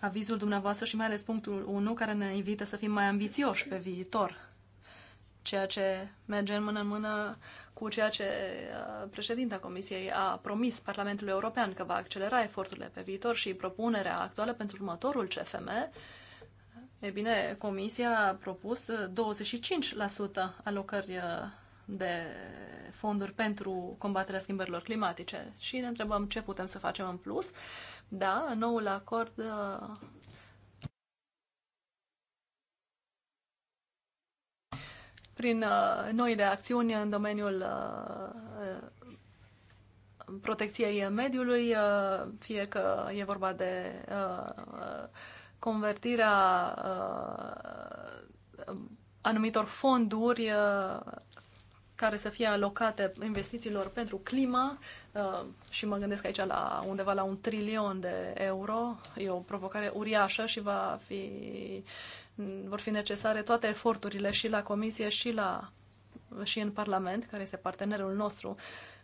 avizul dumneavoastră și mai ales punctul 1 care ne invită să fim mai ambițioși pe viitor ceea ce merge în mână în mână cu ceea ce uh, președinta Comisiei a promis Parlamentului European că va accelera eforturile pe viitor și propunerea actuală pentru următorul CFM. E bine, Comisia a propus 25% uh, alocări uh, de fonduri pentru combaterea schimbărilor climatice și ne întrebăm ce putem să facem în plus. Da, noul acord prin uh, noile acțiuni în domeniul uh, uh, protecției mediului, uh, fie că e vorba de uh, convertirea uh, anumitor fonduri uh, care să fie alocate investițiilor pentru clima uh, și mă gândesc aici la undeva la un trilion de euro. E o provocare uriașă și va fi vor fi necesare toate eforturile și la Comisie și, la, și în Parlament, care este partenerul nostru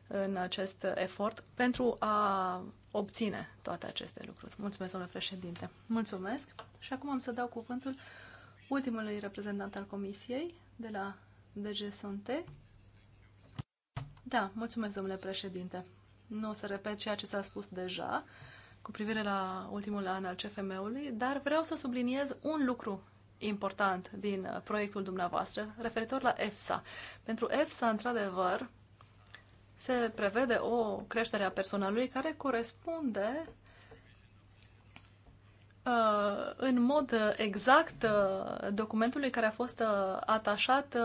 în acest efort, pentru a obține toate aceste lucruri. Mulțumesc, domnule președinte. Mulțumesc. Și acum am să dau cuvântul ultimului reprezentant al Comisiei de la DG Sante. Da, mulțumesc, domnule președinte. Nu o să repet ceea ce s-a spus deja cu privire la ultimul an al CFM-ului, dar vreau să subliniez un lucru important din uh, proiectul dumneavoastră referitor la EFSA. Pentru EFSA, într-adevăr, se prevede o creștere a personalului care corespunde uh, în mod exact uh, documentului care a fost atașat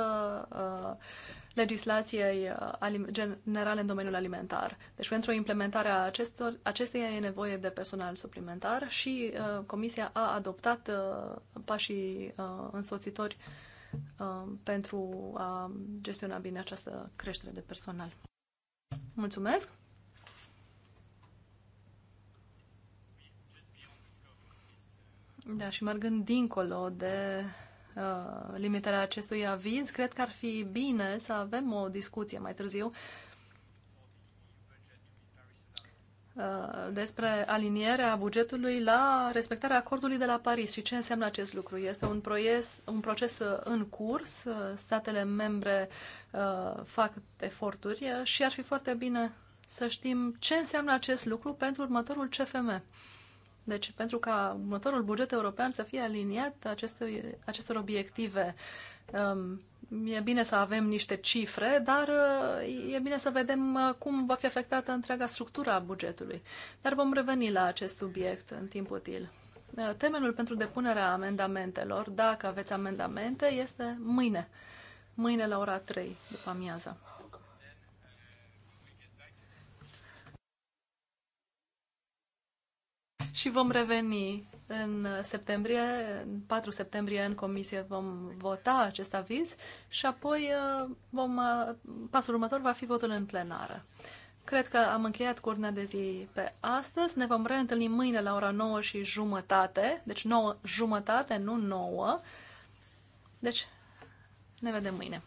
legislației uh, generale în domeniul alimentar. Deci pentru implementarea acestor, acesteia e nevoie de personal suplimentar și uh, Comisia a adoptat uh, pașii uh, însoțitori uh, pentru a gestiona bine această creștere de personal. Mulțumesc! Da, și mergând dincolo de Uh, limitele acestui aviz, cred că ar fi bine să avem o discuție mai târziu uh, despre alinierea bugetului la respectarea acordului de la Paris și ce înseamnă acest lucru. Este un, proiect, un proces în curs, uh, statele membre fac eforturi și ar fi foarte bine să știm ce înseamnă acest lucru pentru următorul CFM. Deci, pentru ca următorul buget european să fie aliniat acestui, acestor obiective, um, e bine să avem niște cifre, dar uh, e bine să vedem uh, cum va fi afectată întreaga structură a bugetului. Dar vom reveni la acest subiect în timp util. Uh, termenul pentru depunerea amendamentelor, dacă aveți amendamente, este mâine. Mâine la ora 3 după amiază. și vom reveni în septembrie, în 4 septembrie în comisie vom vota acest aviz și apoi uh, vom, uh, pasul următor va fi votul în plenară. Cred că am încheiat curna de zi pe astăzi. Ne vom reîntâlni mâine la ora 9 și jumătate, deci 9 jumătate, nu 9. Deci ne vedem mâine.